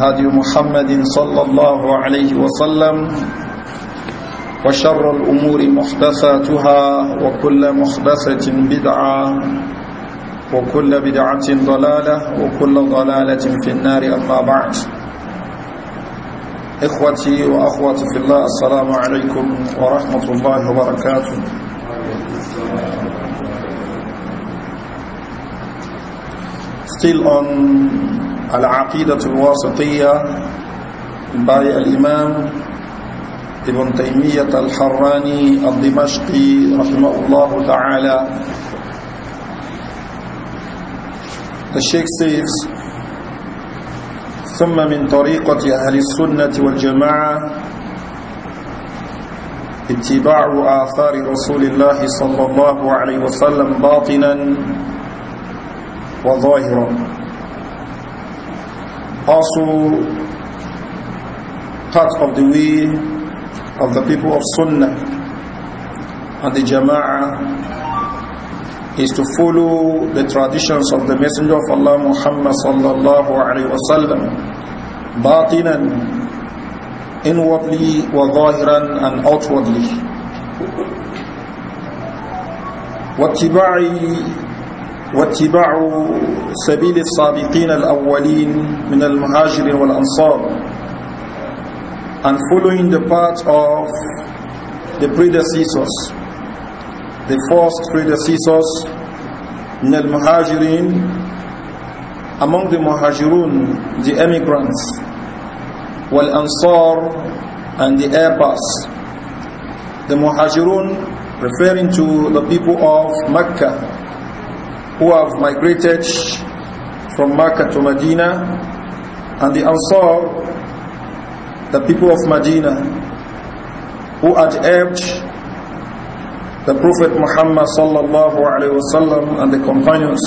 هدي محمد صلى الله عليه وسلم وشر الأمور محدثاتها وكل محدثة بدعة وكل بدعة ضلالة وكل ضلالة في النار أما بعد إخوتي وأخواتي في الله السلام عليكم ورحمة الله وبركاته Still on العقيدة الواسطية باي الإمام ابن تيمية الحراني الدمشقي رحمه الله تعالى The Sheikh says ثم من طريقة أهل السنة والجماعة اتباع آثار رسول الله صلى الله عليه وسلم باطنا وظاهرا also part of the way of the people of Sunnah and the Jama'ah is to follow the traditions of the Messenger of Allah Muhammad sallallahu alayhi wa sallam batinan inwardly wa zahiran and outwardly واتباع واتباع سبيل الصَّابِقِينَ الأولين من المهاجرين والأنصار and following the path of the predecessors the first predecessors من المهاجرين among the muhajirun the emigrants wal-ansar and the heirs the muhajirun referring to the people of Makkah who have migrated from Mecca to Medina and the Ansar, the people of Medina who had helped the Prophet Muhammad sallallahu alayhi sallam and the companions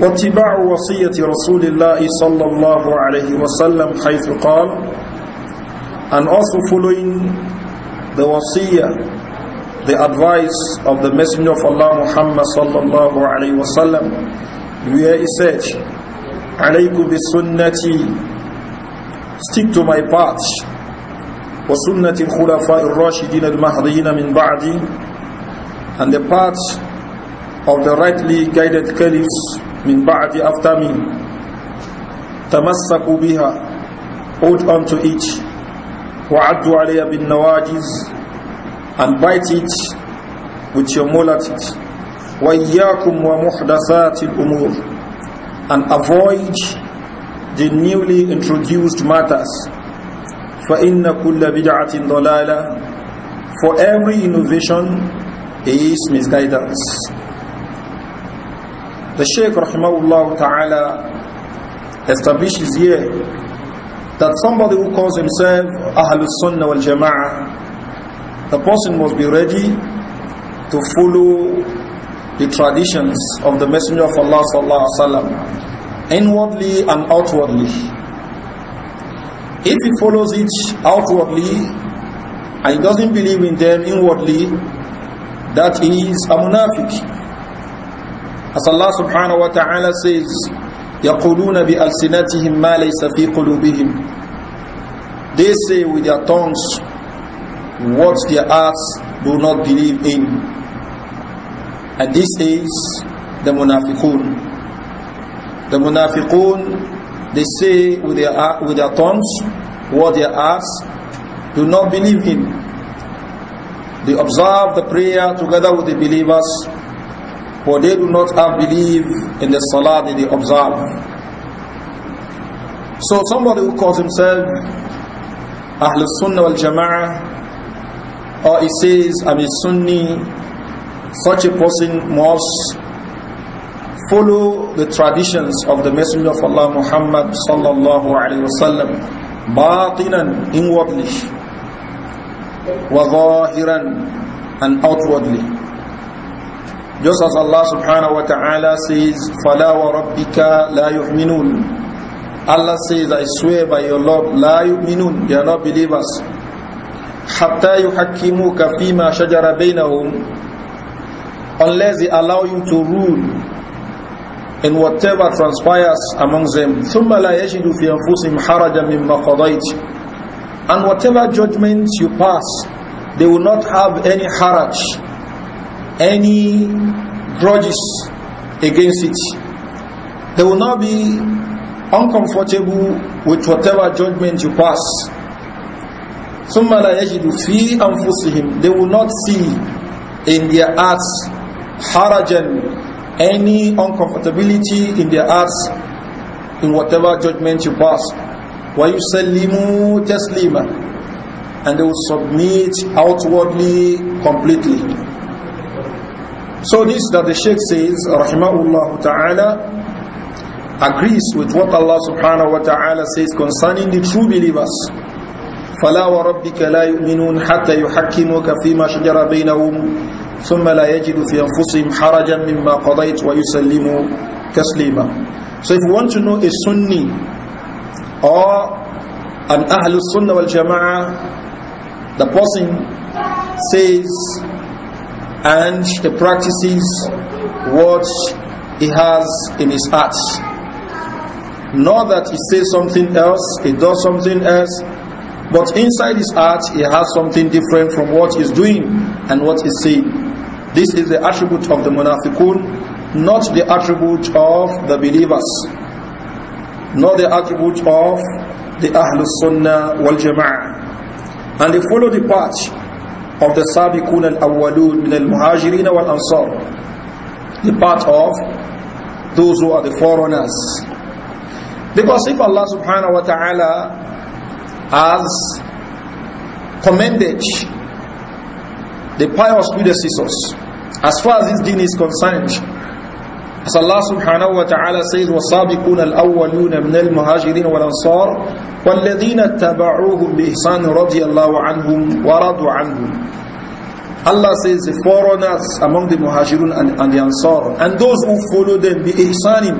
واتباع وصية رسول الله صلى الله عليه وسلم حيث قال and also following the wasiyah the advice of the Messenger of Allah Muhammad sallallahu alayhi wa sallam where he said alaykum bi sunnati stick to my path wa sunnati khulafa ar-rashidin al Mahdiin min ba'di and the path of the rightly guided caliphs min ba'di after me tamassaku biha hold on to it alayya bin بالنواجز and bite it with your molar teeth. wa وَمُحْدَثَاتِ الْأُمُورِ And avoid the newly introduced matters. فَإِنَّ كُلَّ بِدْعَةٍ ضَلَالَةٍ For every innovation is misguidance. The Shaykh rahimahullah ta'ala establishes here that somebody who calls himself Ahlul Sunnah wal Jama'ah the person must be ready to follow the traditions of the Messenger of Allah sallallahu alaihi wasallam, inwardly and outwardly. If he follows it outwardly and he doesn't believe in them inwardly, that is a munafiq. As Allah subhanahu wa ta'ala says, يَقُولُونَ بِأَلْسِنَتِهِمْ مَا لَيْسَ فِي قُلُوبِهِمْ They say with their tongues what their hearts do not believe in. And this is the munafiqun. The munafiqun, they say with their, with their tongues what their hearts do not believe in. They observe the prayer together with the believers, for they do not have belief in the salah that they observe. So somebody who calls himself Ahlul Sunnah wal Jama'ah or he says, I'm a Sunni, such a person must follow the traditions of the Messenger of Allah Muhammad sallallahu alayhi wa sallam batinan inwardly wazahiran and outwardly just as Allah subhanahu wa ta'ala says fala wa لَا la Allah says I swear by your Lord la yu'minun they are not believers حتى يحكموك فيما unless they allow you to rule in whatever transpires among them ثم and whatever judgments you pass they will not have any haraj any grudges against it they will not be uncomfortable with whatever judgment you pass ثم لا يجد في أنفسهم they will not see in their hearts harajan any uncomfortability in their hearts in whatever judgment you pass وَيُسَلِّمُوا تَسْلِيمًا and they will submit outwardly completely so this that the Sheikh says rahimahullah ta'ala agrees with what Allah subhanahu wa ta'ala says concerning the true believers فلا وربك لا يؤمنون حتى يحكموك فيما شجر بينهم ثم لا يجد في أنفسهم حرجا مما قضيت ويسلموا تسليما So if you want to know a Sunni or an Ahlul Sunnah wal Jama'ah the person says and he practices what he has in his heart not that he says something else he does something else But inside his heart, he has something different from what he's doing and what he's saying. This is the attribute of the munafiqun, not the attribute of the believers, not the attribute of the Ahlul Sunnah wal Jama'ah. And they follow the path of the Sabiqun al-Awwalun min al-Muhajirin wal-Ansar. The path of those who are the foreigners. Because if Allah subhanahu wa ta'ala has commended the pious predecessors as far as this deen is concerned. As Allah subhanahu wa ta'ala says, وَالسَّابِقُونَ الْأَوَّلُونَ مِنَ الْمُهَاجِرِينَ وَالْأَنصَارِ وَالَّذِينَ اتَّبَعُوهُمْ بِإِحْسَانٍ رَضِيَ اللَّهُ عَنْهُمْ وَرَضُوا عَنْهُمْ Allah says the foreigners among the muhajirun and, and the ansar and those who follow them bi ihsanin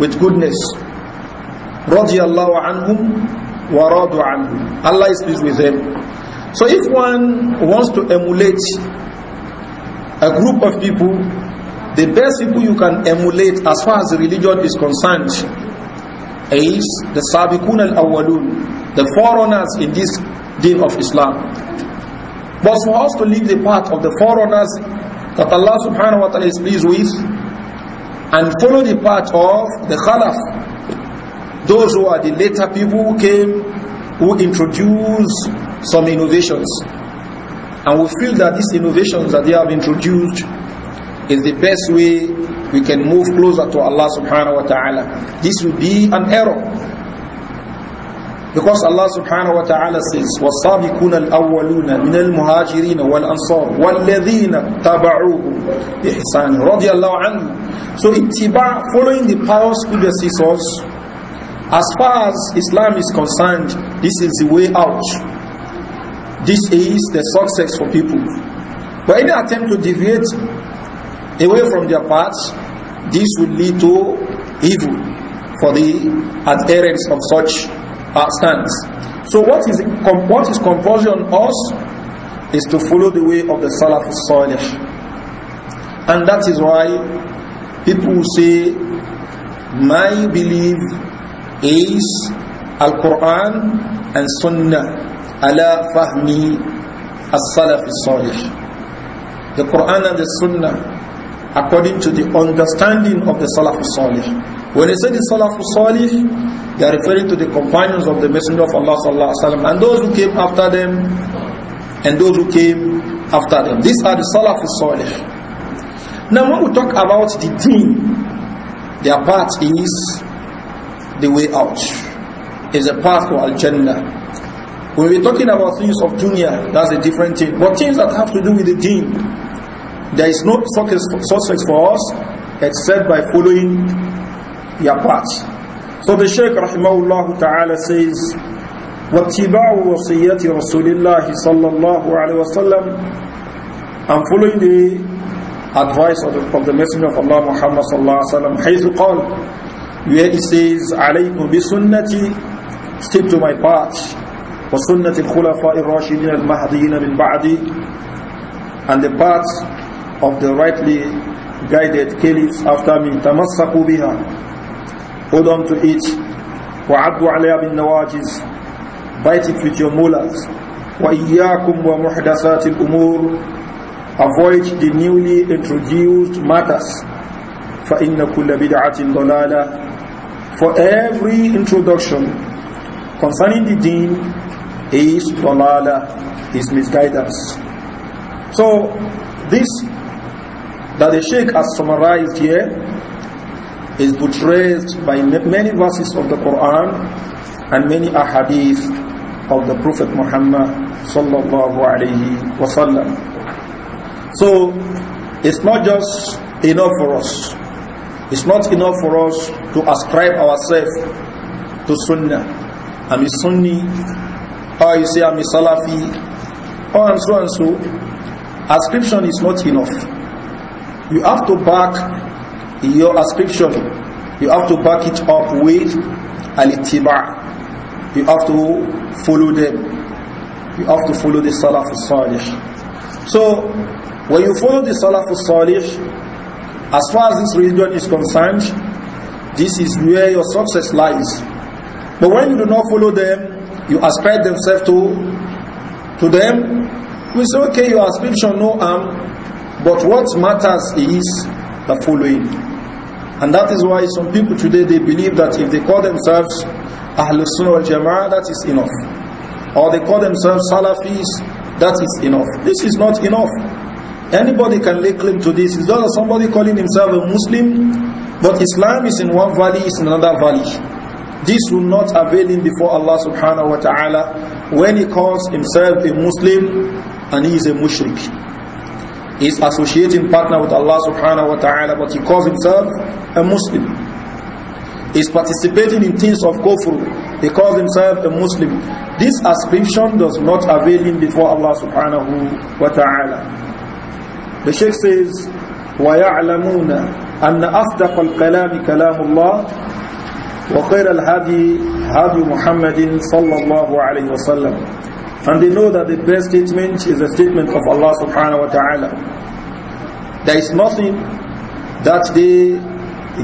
with goodness radiyallahu anhum وَرَضُ عَنْهُ Allah is pleased with them. So if one wants to emulate a group of people, the best people you can emulate as far as religion is concerned is the Sabiqun al-Awwalun, the foreigners in this deen of Islam. But for us to leave the path of the foreigners that Allah subhanahu wa ta'ala is pleased with and follow the path of the Khalaf, those who are the later people who came, who introduced some innovations. And we feel that these innovations that they have introduced is the best way we can move closer to Allah subhanahu wa ta'ala. This will be an error. Because Allah subhanahu wa ta'ala says, وَالصَّابِقُونَ الْأَوَّلُونَ مِنَ الْمُهَاجِرِينَ وَالْأَنصَارِ وَالَّذِينَ تَبَعُوهُمْ بِإِحْسَانٍ رَضِيَ اللَّهُ عَنْهُ So ittiba, following the pious predecessors, as far as Islam is concerned, this is the way out. This is the success for people. But any attempt to deviate away from their path, this would lead to evil for the adherents of such uh, stance. So what is, what is compulsory on us is to follow the way of the Salaf Salih. And that is why people say, my belief is Al-Quran and Sunnah ala fahmi as-salaf salih The Quran and the Sunnah according to the understanding of the salaf salih When they say the salaf salih they are referring to the companions of the Messenger of Allah sallallahu alaihi wasallam and those who came after them and those who came after them. These are the salaf salih Now when we talk about the team, their part is the way out. Is a path to Al Jannah. When we're talking about things of dunya, that's a different thing. But things that have to do with the deen, there is no success for us except by following your path. So the Shaykh rahimahullah ta'ala says, وَاتِّبَعُ وَصِيَّةِ رَسُولِ اللَّهِ صَلَّى اللَّهُ عَلَيْهِ وَسَلَّمُ following the advice of the, of the Messenger of Allah Muhammad صلى الله عليه وسلم حيث قال where it says alaykum bi sunnati stick to my path wa sunnati al-khulafa rashidin al-mahdiyyin min ba'di and the path of the rightly guided caliphs after me tamassaku biha hold on to it wa addu alayha bin nawajiz bite it with your molars wa وَإِيَّاكُمْ al-umur, Avoid the newly introduced matters فَإِنَّ كُلَّ بِدْعَةٍ ضَلَالَةٍ for every introduction concerning the deen is dalala, is misguidance. So this that the Sheikh has summarized here is portrayed by many verses of the Quran and many ahadith of the Prophet Muhammad sallallahu alaihi wasallam. So it's not just enough for us It's not enough for us to ascribe ourselves to Sunnah. I'm a Sunni, or you say I'm a Salafi, or and so and so. Ascription is not enough. You have to back your ascription. You have to back it up with al-ittiba. You have to follow them. You have to follow the Salaf al-Salih. So, when you follow the Salaf al-Salih, As far as this religion is concerned, this is where your success lies. But when you do not follow them, you ascribe themselves to, to them. We say, okay, your ascription, no harm. but what matters is the following. And that is why some people today, they believe that if they call themselves Ahlul Sunnah wal Jama'ah, that is enough. Or they call themselves Salafis, that is enough. This is not enough. Anybody can lay claim to this. It's not somebody calling himself a Muslim, but Islam is in one valley, is in another valley. This will not avail him before Allah subhanahu wa ta'ala when he calls himself a Muslim and he is a mushrik. He's associating partner with Allah subhanahu wa ta'ala, but he calls himself a Muslim. He's participating in things of kufr. He calls himself a Muslim. This ascription does not avail him before Allah subhanahu wa ta'ala. The Sheikh says, وَيَعْلَمُونَ أَنَّ أَصْدَقَ الْقَلَامِ كَلَامُ اللَّهِ وَخَيْرَ الْهَدِي هَدِي مُحَمَّدٍ صَلَّى اللَّهُ عَلَيْهِ وَسَلَّمَ And they know that the best statement is a statement of Allah subhanahu wa ta'ala. There is nothing that they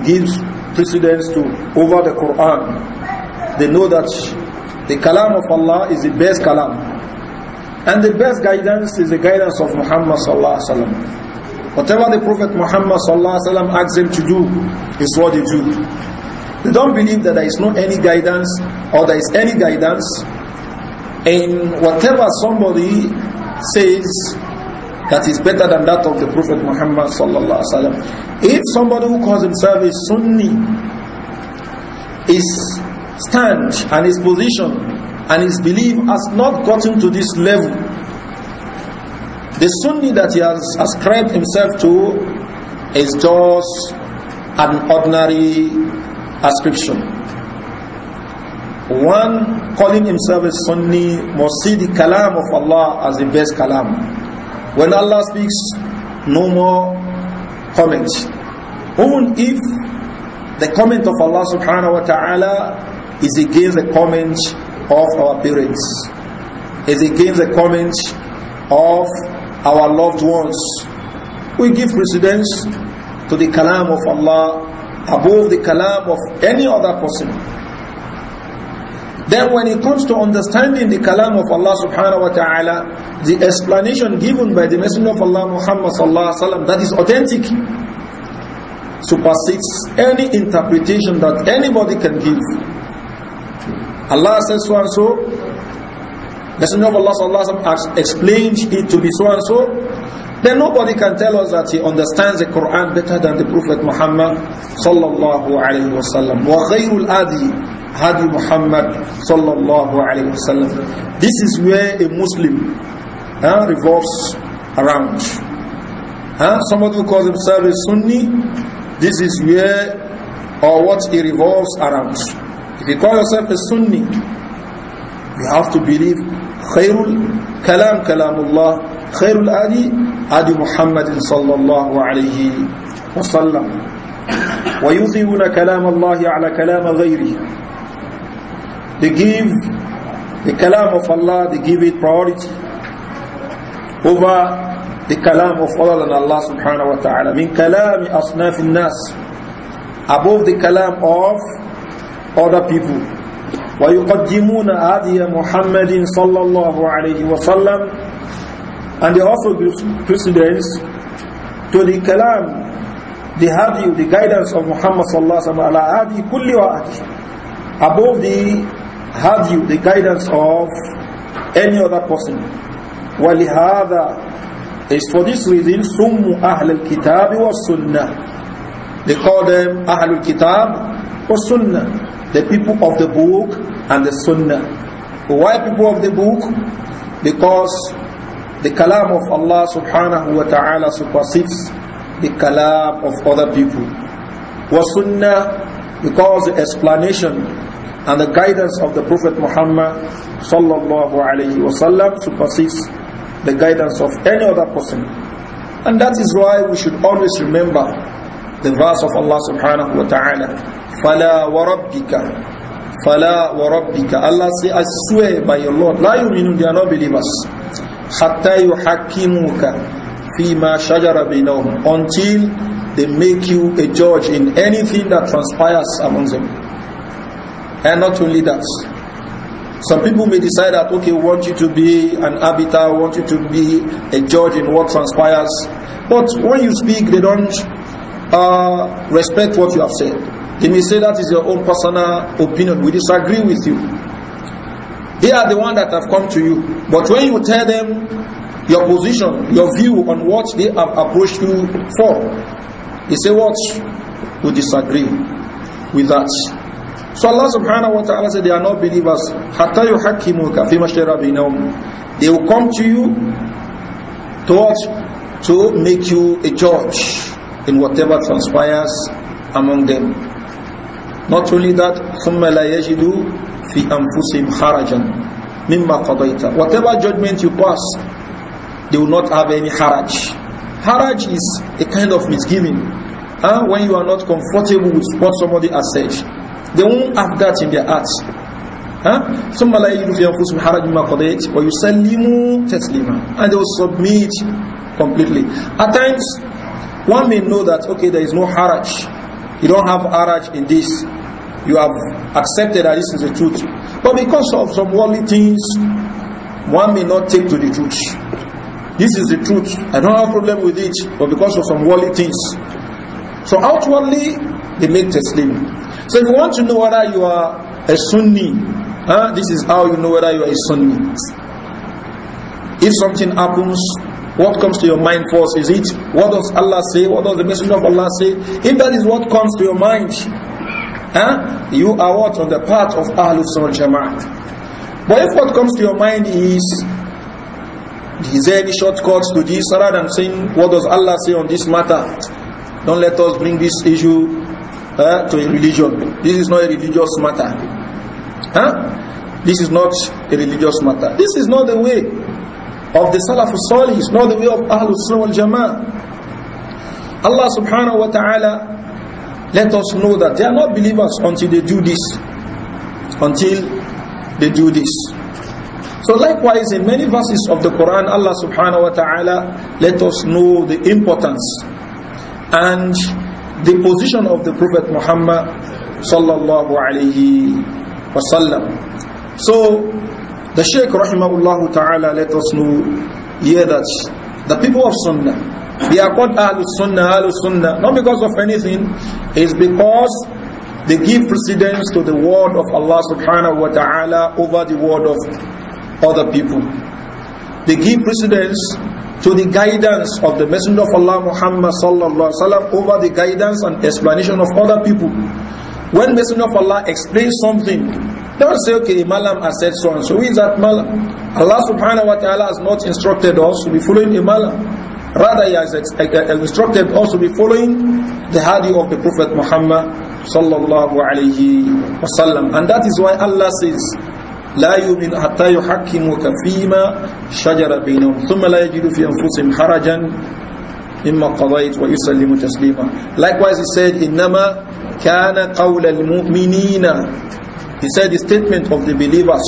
gives precedence to over the Quran. They know that the kalam of Allah is the best kalam. And the best guidance is the guidance of Muhammad sallallahu alaihi wasallam. Whatever the Prophet Muhammad sallallahu alaihi wasallam asks them to do is what they do. They don't believe that there is no any guidance or there is any guidance in whatever somebody says that is better than that of the Prophet Muhammad sallallahu alaihi wasallam. If somebody who calls himself a Sunni, is stand and his position and his belief has not gotten to this level. The Sunni that he has ascribed himself to is just an ordinary ascription. One calling himself a Sunni must see the kalam of Allah as the best kalam. When Allah speaks, no more comment. Even if the comment of Allah subhanahu wa ta'ala is against the comment of our parents, is against the comment of our loved ones. We give precedence to the kalam of Allah above the kalam of any other person. Then when it comes to understanding the kalam of Allah subhanahu wa ta'ala, the explanation given by the Messenger of Allah Muhammad sallallahu alaihi wasallam that is authentic supersedes any interpretation that anybody can give. Allah says so and so. Messenger of Allah Allah, has explained it to be so and so. Then nobody can tell us that he understands the Quran better than the Prophet Muhammad sallallahu alayhi wa sallam. وَغَيْرُ الْأَدِي Muhammad sallallahu alayhi wa This is where a Muslim revolves around. Huh? Somebody who calls himself a Sunni, this is where or what he revolves around. If you call yourself a Sunni, you have to believe khairul kalam kalamullah, khairul adi adi Muhammadin sallallahu alayhi wa sallam. وَيُثِيُونَ كَلَامَ اللَّهِ عَلَى كَلَامَ غَيْرِهِ They give the kalam of Allah, they give it priority over the kalam of other than Allah subhanahu wa ta'ala. Min kalami asnaf nas Above the kalam of other people وَيُقَدِّمُونَ هَدِيَ مُحَمَّدٍ صَلَّى اللَّهُ عَلَيْهِ وَسَلَّمَ And they offer give precedence to the kalam, the hadi, the guidance of Muhammad صلى الله عليه وسلم على هذه كل hadi. Above the hadi, the guidance of any other person. وَلِهَذَا is for this reason, سُمُّ أَهْلَ الْكِتَابِ وَالسُّنَّةِ They call them أَهْلُ الْكِتَابِ وَالسُّنَّةِ the people of the book and the sunnah. Why people of the book? Because the kalam of Allah subhanahu wa ta'ala supersedes the kalam of other people. Wa sunnah, because the explanation and the guidance of the Prophet Muhammad sallallahu alayhi wa sallam supersedes the guidance of any other person. And that is why we should always remember the verse of Allah subhanahu wa ta'ala Fala وَرَبِّكَ Fala وَرَبِّكَ Allah say, I swear by your Lord. La yurinu, they are not believers. Hatta yuhakimuka fima Until they make you a judge in anything that transpires among them. And not only that, some people may decide that, okay, we want you to be an arbiter, want you to be a judge in what transpires. But when you speak, they don't uh, respect what you have said. They may say that is your own personal opinion. We disagree with you. They are the ones that have come to you. But when you tell them your position, your view on what they have approached you for, they say what? We disagree with that. So Allah subhanahu wa ta'ala said they are not believers. They will come to you to To make you a judge in whatever transpires among them. Not only that, ثُمَّ لَا يَجِدُوا فِي أَنفُسِهِمْ حَرَجًا مِمَّا قَضَيْتَ Whatever judgment you pass, they will not have any haraj. Haraj is a kind of misgiving. Huh? When you are not comfortable with what somebody has said, they won't have that in their hearts. ثم لا يجد في أنفسهم حرج مما قضيت ويسلموا تسليما and they will submit completely at times one may know that okay there is no haraj you don't have haraj in this you have accepted that this is the truth. But because of some worldly things, one may not take to the truth. This is the truth. I don't have problem with it, but because of some worldly things. So outwardly, they make taslim. So if you want to know whether you are a Sunni, huh, this is how you know whether you are a Sunni. If something happens, what comes to your mind first? Is it what does Allah say? What does the Messenger of Allah say? If that is what comes to your mind, huh? you are what? On the part of Ahlul Sunnah Jama'at. But if what comes to your mind is, is there any shortcuts to this, rather than saying, what does Allah say on this matter? Don't let us bring this issue uh, to a religion. This is not a religious matter. Huh? This is not a religious matter. This is not the way of the Salafus Salih. It's not the way of Ahlul Sunnah Jamaat. Allah subhanahu wa ta'ala let us know that they are not believers until they do this. Until they do this. So likewise in many verses of the Quran Allah subhanahu wa ta'ala let us know the importance and the position of the Prophet Muhammad sallallahu alayhi wa So the Shaykh rahimahullah ta'ala let us know here that the people of Sunnah they are called Ahlul Sunnah, Ahlul Sunnah, not because of anything, it's because they give precedence to the word of Allah subhanahu wa ta'ala over the word of other people. They give precedence to the guidance of the Messenger of Allah Muhammad sallallahu alaihi wasallam over the guidance and explanation of other people. When Messenger of Allah explains something, don't say, okay, Imam has said so and so. Who is that Malam? Allah subhanahu wa ta'ala has not instructed us to be following Imam. Rather, he has instructed us to be following the hadith of the Prophet Muhammad sallallahu alayhi wasallam. And that is why Allah says, لا يؤمن حتى يحكموك فيما شجر بينهم ثم لا يجد في أنفسهم حرجا مما قضيت ويسلم تسليما Likewise he said إنما كان قول المؤمنين He said the statement of the believers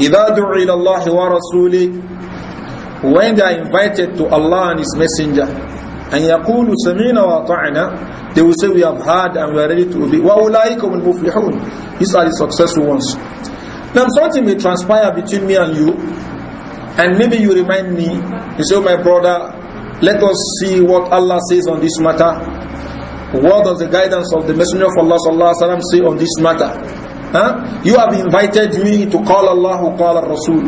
إذا دعوا إلى الله ورسوله when they are invited to Allah and His Messenger, and يقول سمعنا وطعنا they will say we have heard and we are ready to obey وَأُولَٰئِكُمُ الْمُفْلِحُونَ these are the successful ones now something may transpire between me and you and maybe you remind me you say oh my brother let us see what Allah says on this matter what does the guidance of the messenger of Allah sallallahu alaihi wasallam say on this matter huh? you have invited me to call Allah who call Rasul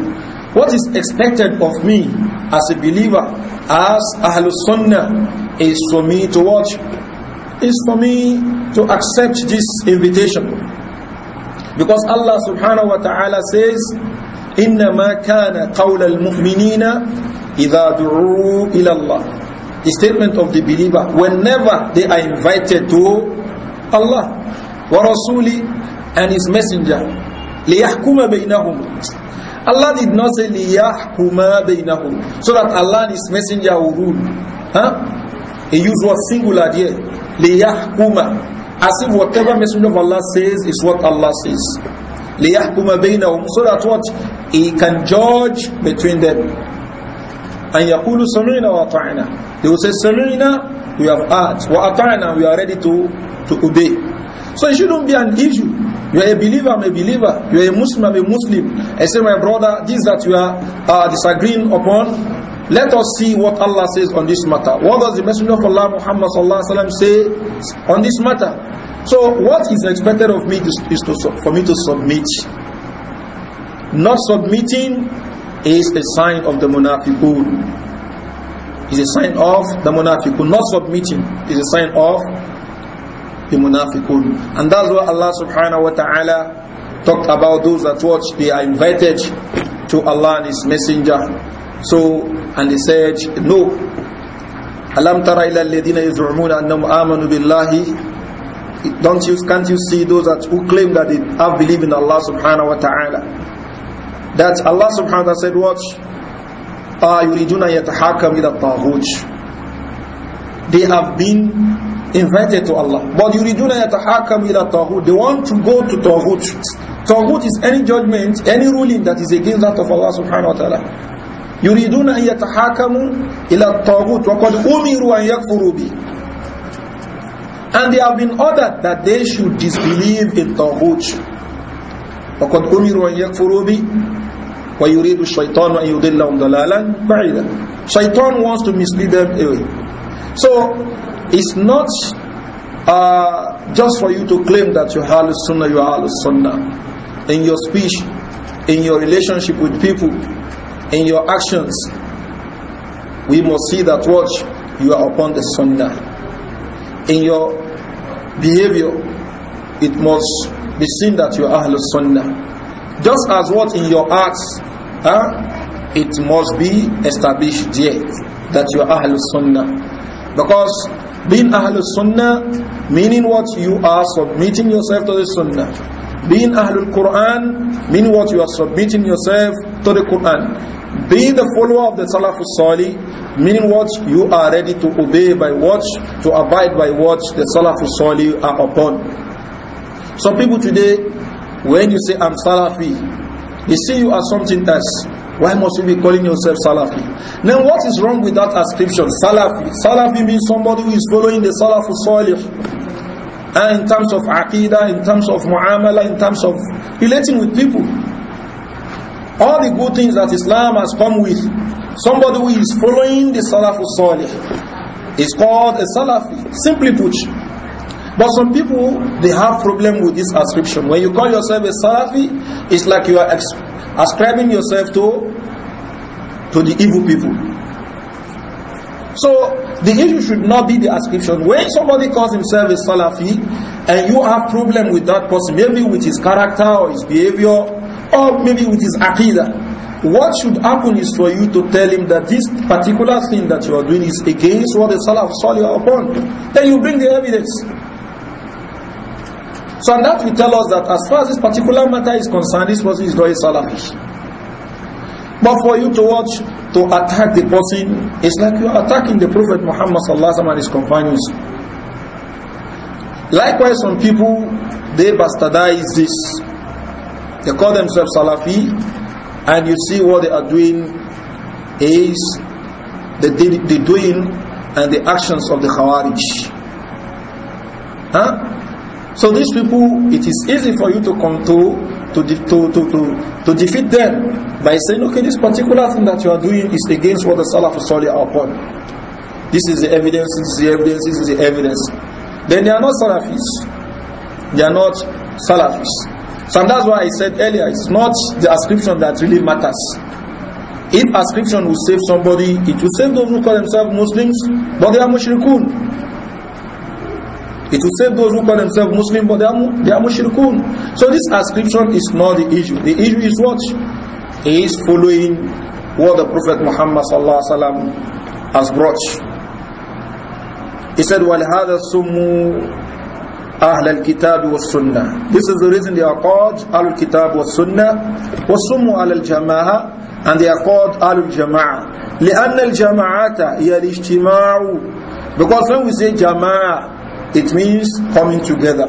what is expected of me as a believer, as Ahlul Sunnah, is for me to watch, is for me to accept this invitation. Because Allah subhanahu wa ta'ala says, إِنَّمَا كَانَ قَوْلَ الْمُؤْمِنِينَ إِذَا دُعُوا إِلَى اللَّهِ The statement of the believer, whenever they are invited to Allah, وَرَسُولِ and His Messenger, لِيَحْكُمَ بَيْنَهُمْ Allah did not say liyahkuma bainahum so that Allah and his messenger will rule. Huh? He used what singular there. Liyahkuma. As if whatever messenger of Allah says is what Allah says. Liyahkuma bainahum so that what he can judge between them. And yaqulu sami'na wa ata'na. They will say sami'na we have heard wa ata'na we are ready to to obey. So it shouldn't be an issue you are a believer, I'm a believer. You are a Muslim, I'm a Muslim. I say, my brother, this that you are uh, disagreeing upon, let us see what Allah says on this matter. What does the Messenger of Allah Muhammad sallam, say on this matter? So what is expected of me is to, for me to submit. Not submitting is a sign of the munafiqun. Is a sign of the munafiqun. Not submitting is a sign of the munafiqun. And that's why Allah subhanahu wa ta'ala talked about those that watch, they are invited to Allah and His Messenger. So, and he said, no. Alam tara ila alladhina yuz'umuna annahum amanu billahi. Don't you, can't you see those that who claim that they have believed in Allah subhanahu wa ta'ala? That Allah subhanahu wa ta'ala said, watch. يريدون يتحاكم إلى الطاغوت they have been invited to Allah. But yuriduna yatahakam ila tawhud. They want to go to tawhud. Tawhud is any judgment, any ruling that is against that of Allah subhanahu wa ta'ala. You أن يتحاكموا إلى الطاغوت وقد أمروا أن يكفروا And they have been ordered that they should disbelieve in طاغوت وقد أمروا أن يكفروا به ويريد الشيطان أن يضلهم the بعيدا Shaitan wants to mislead them away. So it's not uh, just for you to claim that you are Sunnah, you are Sunnah. In your speech, in your relationship with people, in your actions, we must see that what you are upon the Sunnah. In your behavior, it must be seen that you are Ahlul Sunnah. Just as what in your acts, huh, it must be established there that you are Ahlul Sunnah. Because being Ahlul Sunnah, meaning what? You are submitting yourself to the Sunnah. Being Ahlul Quran, meaning what? You are submitting yourself to the Quran. Being the follower of the Salafus Salih, meaning what? You are ready to obey by what? To abide by what the Salafus Salih are upon. Some people today, when you say, I'm Salafi, they see you as something else. Why must you be calling yourself Salafi? Then what is wrong with that ascription? Salafi. Salafi means somebody who is following the Salafu Salih. And in terms of Aqidah, in terms of Muamala, in terms of relating with people. All the good things that Islam has come with. Somebody who is following the Salafu Salih is called a Salafi. Simply put. But some people, they have problem with this ascription. When you call yourself a Salafi, it's like you are ascribing yourself to, to the evil people. So the issue should not be the ascription. When somebody calls himself a Salafi, and you have problem with that person, maybe with his character or his behavior, or maybe with his aqidah, what should happen is for you to tell him that this particular thing that you are doing is against what the Salaf Salih are upon. Then you bring the evidence. So and that will tell us that as far as this particular matter is concerned, this person is not a Salafi. But for you to watch, to attack the person, it's like you are attacking the Prophet Muhammad and his companions. Likewise, some people, they bastardize this. They call themselves Salafi, and you see what they are doing is the, the doing and the actions of the Khawarij. Huh? So these people, it is easy for you to come to to, to, to, to, defeat them by saying, okay, this particular thing that you are doing is against what the Salaf Salih are upon. This is the evidence, this is the evidence, this is the evidence. Then they are not Salafis. They are not Salafis. So that's why I said earlier, it's not the ascription that really matters. If ascription will save somebody, it will save those who call themselves Muslims, but they are mushrikun. It will save those who call themselves Muslim, but they are, they are mushrikun. So this ascription is not the issue. The issue is what? He is following what the Prophet Muhammad sallallahu alaihi wasallam has brought. He said, وَلْهَذَا سُمُّ أَهْلَ الْكِتَابِ وَالسُّنَّةِ This is the reason they are called Al-Kitab وَالسُّنَّةِ وَالسُّمُّ al الْجَمَاهَةِ and they are called jamah. Jama'ah. لأن الجماعة هي الاجتماع because when we say jamah it means coming together.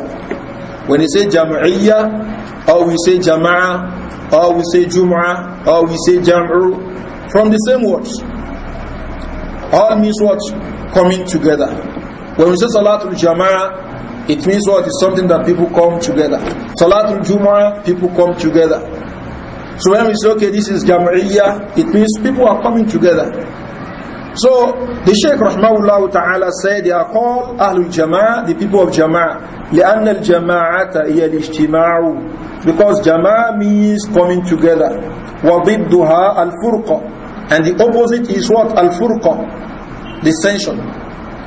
When you say jam'iyya, or we say jamaa, or we say jumaa, or we say jamru, from the same words. All means what? Coming together. When we say salatul jamaa, it means what? It's something that people come together. Salatul jumaa, people come together. So when we say, okay, this is jam'iyya, it means people are coming together. So the Shaykh Rahmahullah Ta'ala said they are called Ahlul Jama'ah, the people of Jama'ah. لأن الجماعة هي الاجتماع Because Jama'ah means coming together. وضدها الفرقة And the opposite is what? الفرقة Dissension.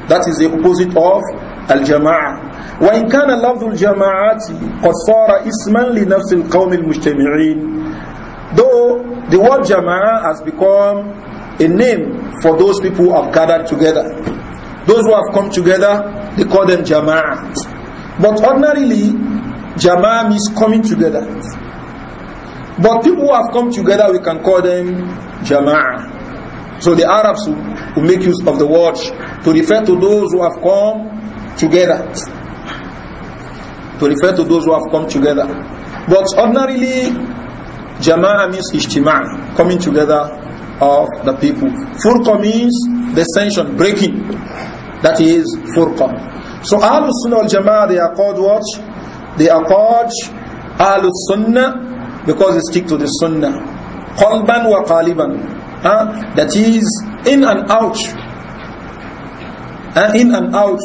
That is the opposite of الجماعة وإن كان لفظ الْجَمَاعَةِ قد صار اسما لنفس القوم المجتمعين Though the word Jama'ah has become a name for those people who have gathered together. Those who have come together, they call them jama'at. But ordinarily, jama'at means coming together. But people who have come together, we can call them jama'at. So the Arabs who, make use of the word to refer to those who have come together. To refer to those who have come together. But ordinarily, jama'at means ijtima'a, coming together of the people. Furqa means the sanction, breaking. That is furqa. So Ahlul Sunnah al Jama'ah, they are called what? They are called Ahlul Sunnah because they stick to the Sunnah. Qalban wa qaliban. Huh? That is in and out. Uh, in and out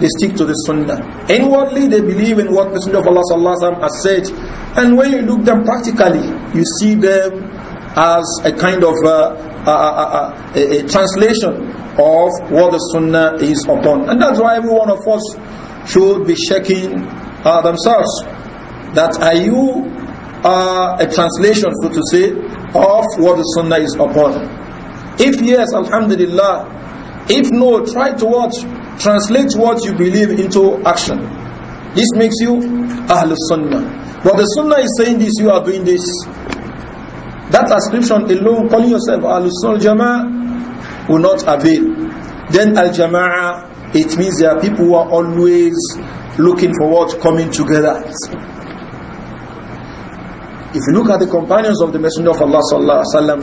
they stick to the sunnah. Inwardly, they believe in what the Messenger of Allah sallallahu has said. And when you look them practically, you see them as a kind of a, uh, uh, uh, a, a, translation of what the Sunnah is upon. And that's why every one of us should be checking uh, themselves that are you uh, a translation, so to say, of what the Sunnah is upon. If yes, Alhamdulillah. If no, try to Translate what you believe into action. This makes you Ahl Sunnah. But the Sunnah is saying this, you are doing this. That ascription alone, calling yourself Al-Sunnah Jama'ah, will not avail. Then Al-Jama'ah, it means there are people who are always looking for what? Coming together. If you look at the companions of the Messenger of Allah Sallallahu Alaihi Wasallam,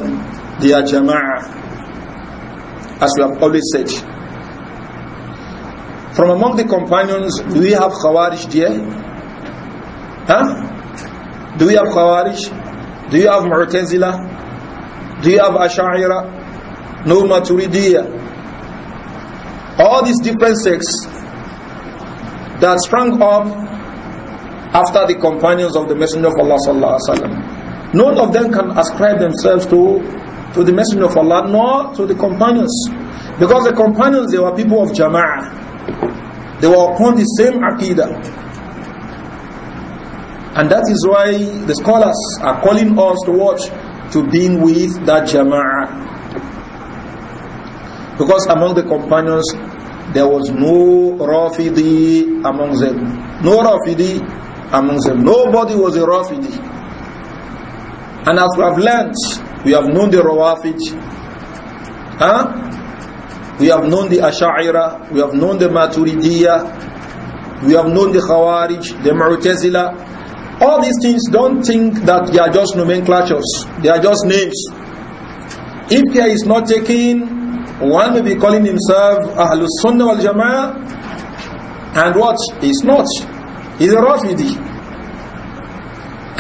they are Jama'ah, as we have always said. From among the companions, do we have Khawarij there? Huh? Do we have Khawarij? Do you have Mu'tazila? Do you have Ash'ira? No Maturidiyya? All these different sects that sprang up after the companions of the Messenger of Allah sallallahu alaihi wasallam. None of them can ascribe themselves to to the Messenger of Allah nor to the companions, because the companions they were people of Jama'ah. They were upon the same aqidah. And that is why the scholars are calling us to watch, to being with that jama'ah. Because among the companions, there was no Rafidi among them. No Rafidi among them. Nobody was a Rafidi. And as we have learnt, we have known the Rawafid. Huh? We have known the Ash'ira, we have known the Maturidiyah, we have known the Khawarij, the Mu'tazila, all these things, don't think that they are just nomenclatures. They are just names. If care is not taken, one may be calling himself Ahlus Sunnah wal Jama'ah and what? He's not. He's a Rafidi.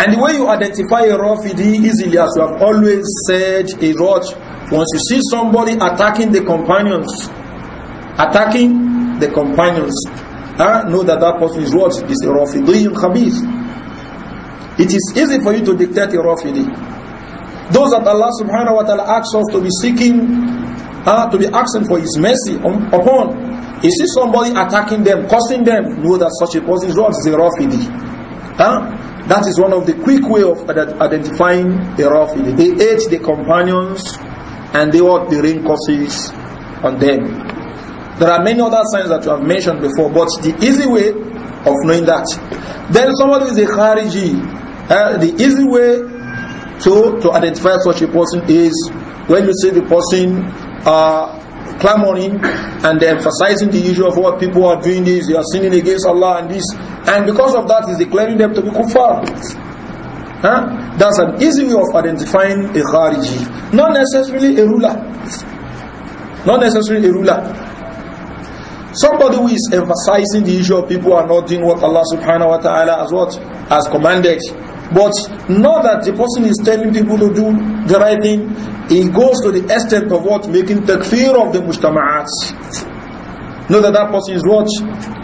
And the way you identify a Rafidi easily, as you have always said, a Raj, once you see somebody attacking the companions, attacking the companions, uh, know that that person is He's a Rafidiyun Khabith. It is easy for you to dictate your rafidi. Those that Allah subhanahu wa ta'ala asks us to be seeking, uh, to be asking for His mercy um, upon, you see somebody attacking them, cursing them, know that such a person is what is a rafidi. Huh? That is one of the quick way of identifying a rafidi. They ate the companions and they were the rain curses on them. There are many other signs that you have mentioned before, but the easy way of knowing that. Then somebody is a khariji, uh, the easy way to, to identify such a person is when you see the person uh, clamoring and emphasizing the issue of what people are doing is they are sinning against Allah and this, and because of that is declaring them to be kuffar. Huh? That's an easy way of identifying a khariji. Not necessarily a ruler. Not necessarily a ruler. Somebody who is emphasizing the issue of people are not doing what Allah subhanahu wa ta'ala has what? Has commanded but not that the person is telling people to do the right thing, he goes to the extent of what? Making takfir of the mujtama'at. Know that that person is what?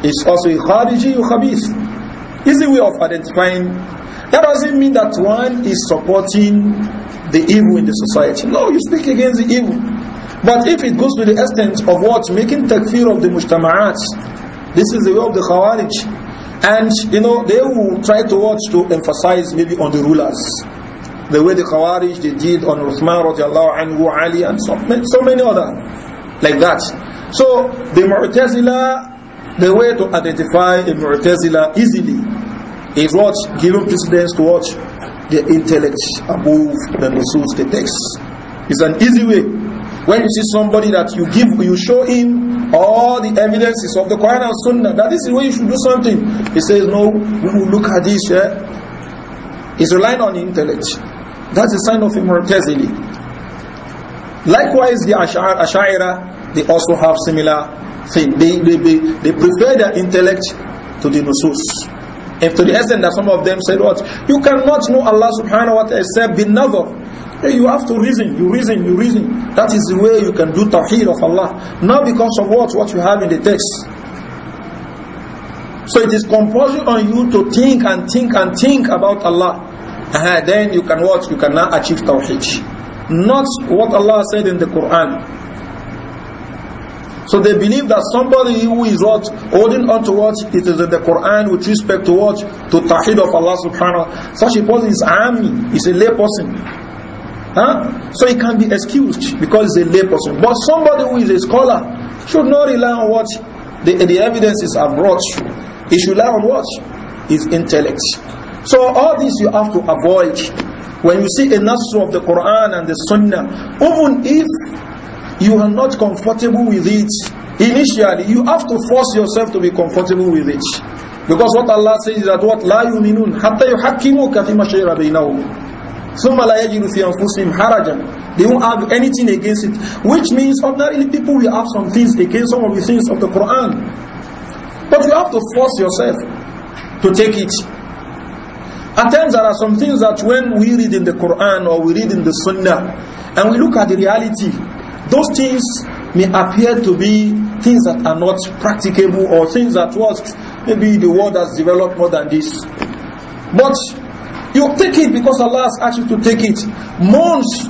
Is also a khariji or khabith. Easy way of identifying. That doesn't mean that one is supporting the evil in the society. No, you speak against the evil. But if it goes to the extent of what? Making takfir of the mujtama'at. This is the way of the Khawarij. And you know, they will try to watch to emphasize maybe on the rulers. The way the Khawarij they did on Uthman radiallahu anhu, Ali and so, so many other like that. So the Mu'tazila, the way to identify a Mu'tazila easily is what? Giving precedence to what? The intellect above the nusus, the text. It's an easy way when you see somebody that you give, you show him all the evidences of the Quran and Sunnah, that this is where you should do something. He says, no, when will look at this, yeah, He's relying on the intellect. That's a sign of immortality. Likewise, the ash'ar Ash'ara, they also have similar thing. They, they, they, they prefer their intellect to the nusus. And to the extent that some of them said what? You cannot know Allah subhanahu wa ta'ala except bin nazar you have to reason, you reason, you reason. That is the way you can do tawheed of Allah. Not because of what, what you have in the text. So it is compulsory on you to think and think and think about Allah. Uh, then you can what? You can now achieve tawheed. Not what Allah said in the Quran. So they believe that somebody who is what holding on to what it is in the Quran with respect to what to tawhid of Allah subhanahu wa ta'ala, such a person is army, is a lay person. Huh? So he can be excused because he's a layperson. But somebody who is a scholar should not rely on what the, the evidences have brought. He should rely on what? His intellect. So all this you have to avoid. When you see a nasr of the Quran and the Sunnah, even if you are not comfortable with it, initially you have to force yourself to be comfortable with it. Because what Allah says is that what la yuminun hatta yuhakkimuka fi ma shayra bainahum Summa la yajidu fi anfusihim harajan. They won't have anything against it. Which means ordinarily people will have some things against some of the things of the Quran. But you have to force yourself to take it. At times there are some things that when we read in the Quran or we read in the Sunnah and we look at the reality, those things may appear to be things that are not practicable or things that was maybe the world has developed more than this. But You take it because Allah has asked you to take it. Months,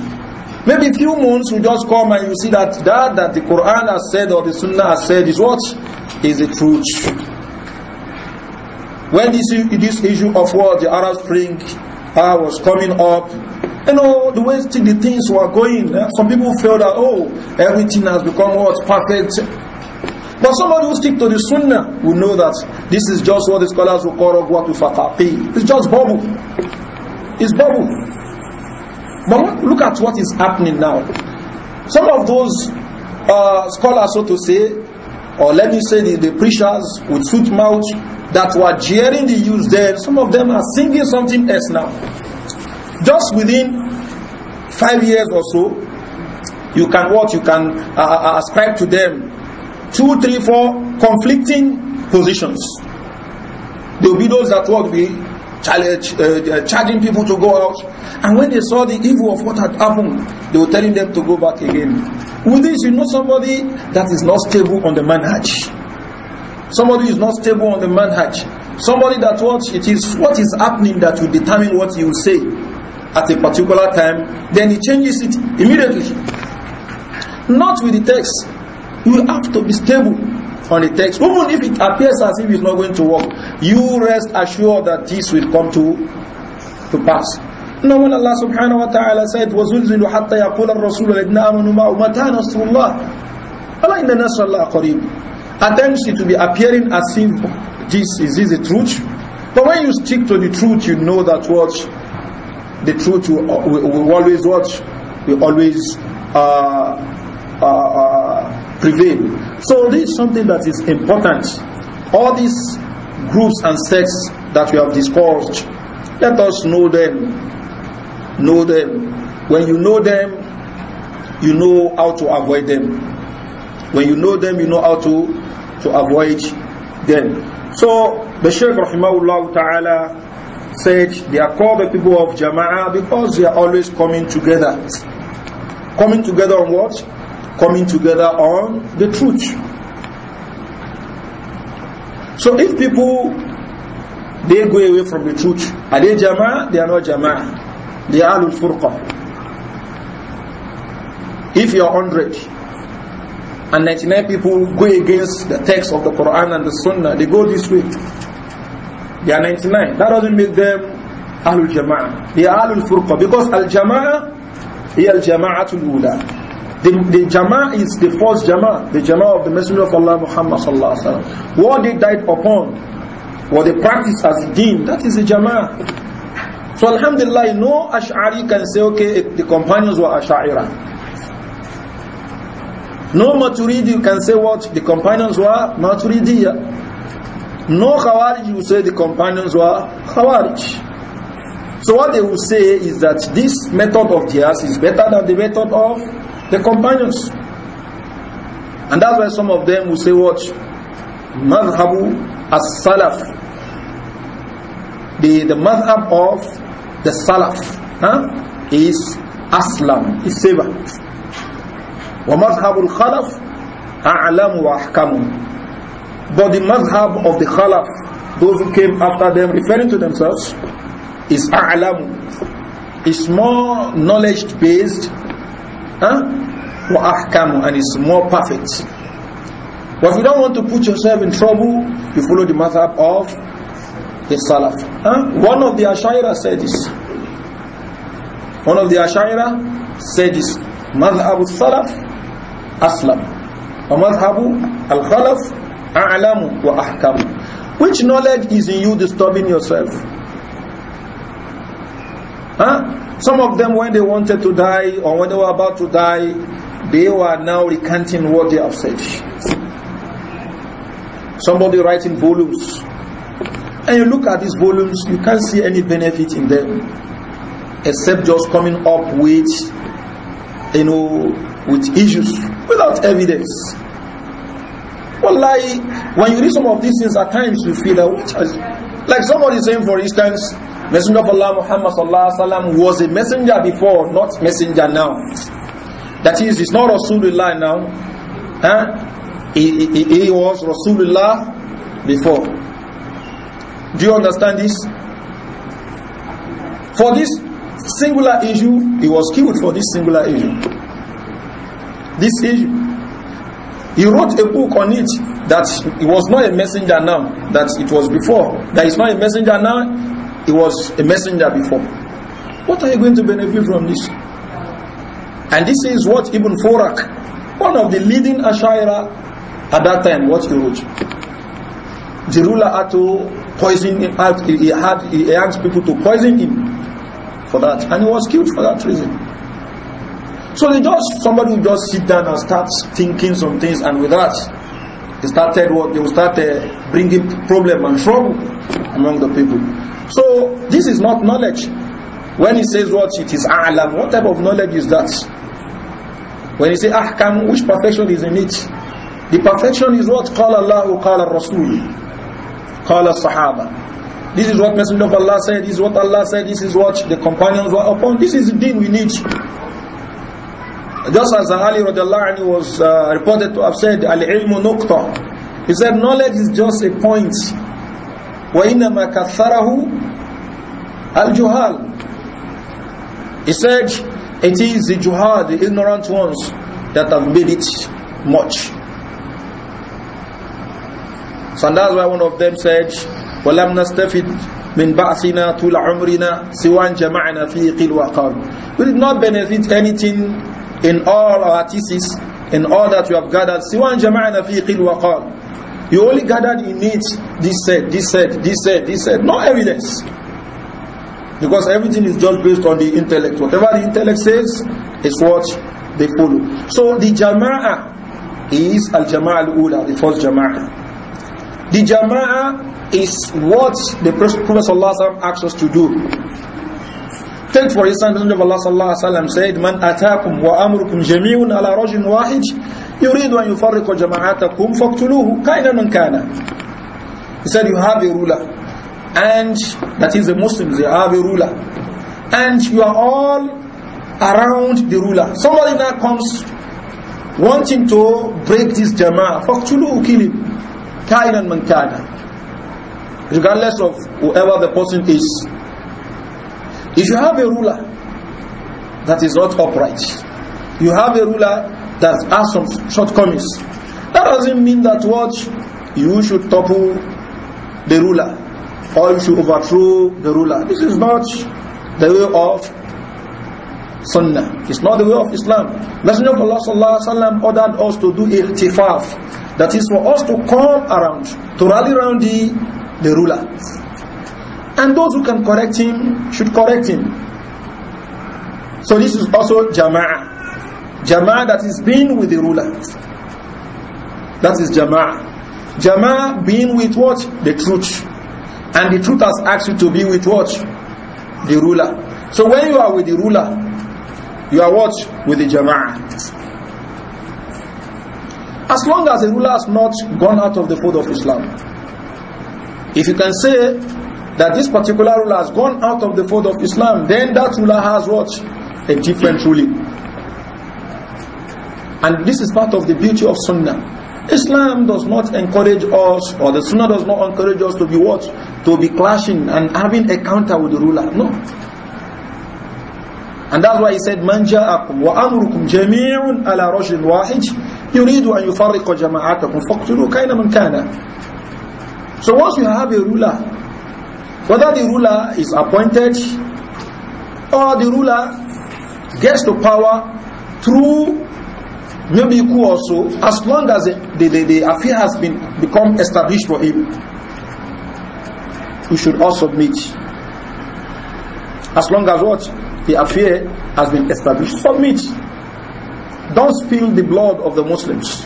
maybe few months, you just come and you see that that, that the Quran has said or the Sunnah has said is what? Is the truth. When this, this issue of what the Arab Spring uh, was coming up, you know, the way the things were going, eh, some people felt that, oh, everything has become what? Perfect. But somebody who stick to the sunnah will know that this is just what the scholars will call what faqaqi. It's just bubble. It's bubble. But look at what is happening now. Some of those uh, scholars, so to say, or let me say the, the preachers with sweet mouth that were jeering the youth there, some of them are singing something else now. Just within five years or so, you can what you can uh, uh ascribe to them two, three, four conflicting positions. There will be those that will be challenge, uh, uh, charging people to go out. And when they saw the evil of what had happened, they were telling them to go back again. With this, you know somebody that is not stable on the manhaj. Somebody is not stable on the manhaj. Somebody that what it is, what is happening that will determine what you say at a particular time, then he changes it immediately. Not with the text. You have to be stable on the text. Even if it appears as if it's not going to work, you rest assured that this will come to, to pass. Now when Allah subhanahu wa ta'ala said, وَزُلْزِلُ حَتَّى يَقُولَ الرَّسُولُ لَدْنَا آمَنُوا مَا أُمَتَى نَصْرُ اللَّهِ أَلَا إِنَّ نَصْرَ اللَّهِ قَرِيبٌ At times it will be appearing as if this is this the truth. But when you stick to the truth, you know that what the truth will, will always what will always uh, uh, uh, prevail. So this is something that is important. All these groups and sects that we have discussed, let us know them. Know them. When you know them, you know how to avoid them. When you know them, you know how to, to avoid them. So the Shaykh Rahimahullah Ta'ala said they are called the people of Jama'ah because they are always coming together. Coming together on what? coming together on the truth. So if people, they go away from the truth, are they jama'ah? They are not jama'ah. They are al furqa If you are 100 and 99 people go against the text of the Quran and the Sunnah, they go this way. They are 99. That doesn't make them Ahlul Jama'ah. They are Ahlul furqa because Al-Jama'ah هي الجماعة الأولى the, the Jama'ah is the first Jama'ah, the Jama'ah of the Messenger of Allah Muhammad sallallahu wa sallam. What they died upon, what they practice as deen, that is the Jama'ah. So Alhamdulillah, no Ash'ari can say, okay, the companions were Ash'ari. No Maturidi can say what the companions were Maturidiya. No Khawarij will say the companions were Khawarij. So what they will say is that this method of theirs is better than the method of the companions. And that's why some of them will say "Watch, Madhabu as-salaf. The, the madhab of the salaf huh? is aslam, is seva. Wa madhabu al-khalaf a'lamu wa ahkamu. But the madhab of the khalaf, those who came after them referring to themselves, is a'lamu. It's more knowledge based Huh? ahkamu and is more perfect. But if you don't want to put yourself in trouble, you follow the madhab of the Salaf. Huh? One of the Ashaira said this. One of the Ashaira said this. Madhab al-Salaf aslam. Wa madhab al-Khalaf a'lamu wa ahkamu. Which knowledge is in you disturbing yourself? Huh? Some of them, when they wanted to die or when they were about to die, they were now recanting what they have said. Somebody writing volumes. And you look at these volumes, you can't see any benefit in them except just coming up with, you know, with issues without evidence. Wallahi, when you read some of these things, at times you feel that, like somebody saying, for instance, Messenger of Allah Muhammad sallallahu alaihi wasallam was a messenger before, not messenger now. That is, he's not Rasulullah now. Huh? He, he, he was Rasulullah before. Do you understand this? For this singular issue, he was killed for this singular issue. This issue. He wrote a book on it that he was not a messenger now, that it was before. That he's not a messenger now, he was a messenger before. What are you going to benefit from this? And this is what Ibn Furak, one of the leading Ashaira at that time, what he wrote. The ruler had to poison him, he, had, he asked people to poison him for that, and he was killed for that reason. So they just, somebody will just sit down and start thinking some things, and with that, they started what, they will start uh, bringing problem and trouble among the people. So this is not knowledge. When he says what it is a'lam, what type of knowledge is that? When he say ahkam, which perfection is in it? The perfection is what? call Allah, qala Rasul, qala Sahaba. This is what Messenger of Allah said, this is what Allah said, this is what the companions were upon. This is the thing we need. Just as Ali radiallahu anhu was uh, reported to have said, al-ilmu nukta. He said knowledge is just a point وَإِنَّمَا كَثَّرَهُ الْجُهَالِ He said, it is the juhal, the ignorant ones, that have made it much. So that's why one of them said, وَلَمْ نَسْتَفِدْ مِنْ بَعْثِنَا طُولَ عُمْرِنَا سِوَانْ جَمَعْنَا فِي قِلْ وَقَالْ We did not benefit anything in all our thesis, in all that we have gathered, سِوَانْ جَمَعْنَا فِي قِلْ you only gathered in it this said, this said, this said, this said. No evidence. Because everything is just based on the intellect. Whatever the intellect says is what they follow. So the jama'ah is al-jama'ah al-ula, the first jama'ah. The jama'ah is what the Prophet ﷺ asks us to do. Take for instance, the Prophet of Allah ﷺ said, Man atakum wa amrukum jami'un ala rajin wahid يريد أن يفرق جماعتكم فاقتلوه كائنا من كان He said you have a ruler and that is the Muslims they have a ruler and you are all around the ruler somebody now comes wanting to break this jama'ah فاقتلوه kill him كائنا من كان regardless of whoever the person is if you have a ruler that is not upright you have a ruler that has some shortcomings. That doesn't mean that what you should topple the ruler or you should overthrow the ruler. This is not the way of Sunnah. It's not the way of Islam. Messenger of Allah sallallahu alaihi wasallam ordered us to do ihtifaf. That is for us to come around, to rally around the, the ruler. And those who can correct him should correct him. So this is also jama'ah. Jama'ah that is being with the ruler, That is Jama'ah. Jama'ah being with what? The truth. And the truth has asked you to be with what? The ruler. So when you are with the ruler, you are what? With the Jama'ah. As long as the ruler has not gone out of the fold of Islam. If you can say that this particular ruler has gone out of the fold of Islam, then that ruler has what? A different ruling. And this is part of the beauty of Sunnah. Islam does not encourage us, or the Sunnah does not encourage us to be what? To be clashing and having a counter with the ruler. No. And that's why he said, مَنْ جَاءَكُمْ وَأَمْرُكُمْ جَمِيعٌ ala رَجْلٍ وَاحِدٍ يُرِيدُ an يُفَرِّقَ جَمَاعَتَكُمْ فَاقْتُلُوا كَيْنَ مَنْ So once you have a ruler, whether the ruler is appointed, or the ruler gets to power through maybe you could also, as long as the, the, the affair has been become established for him, he should also submit. As long as what? The affair has been established. Submit. Don't spill the blood of the Muslims.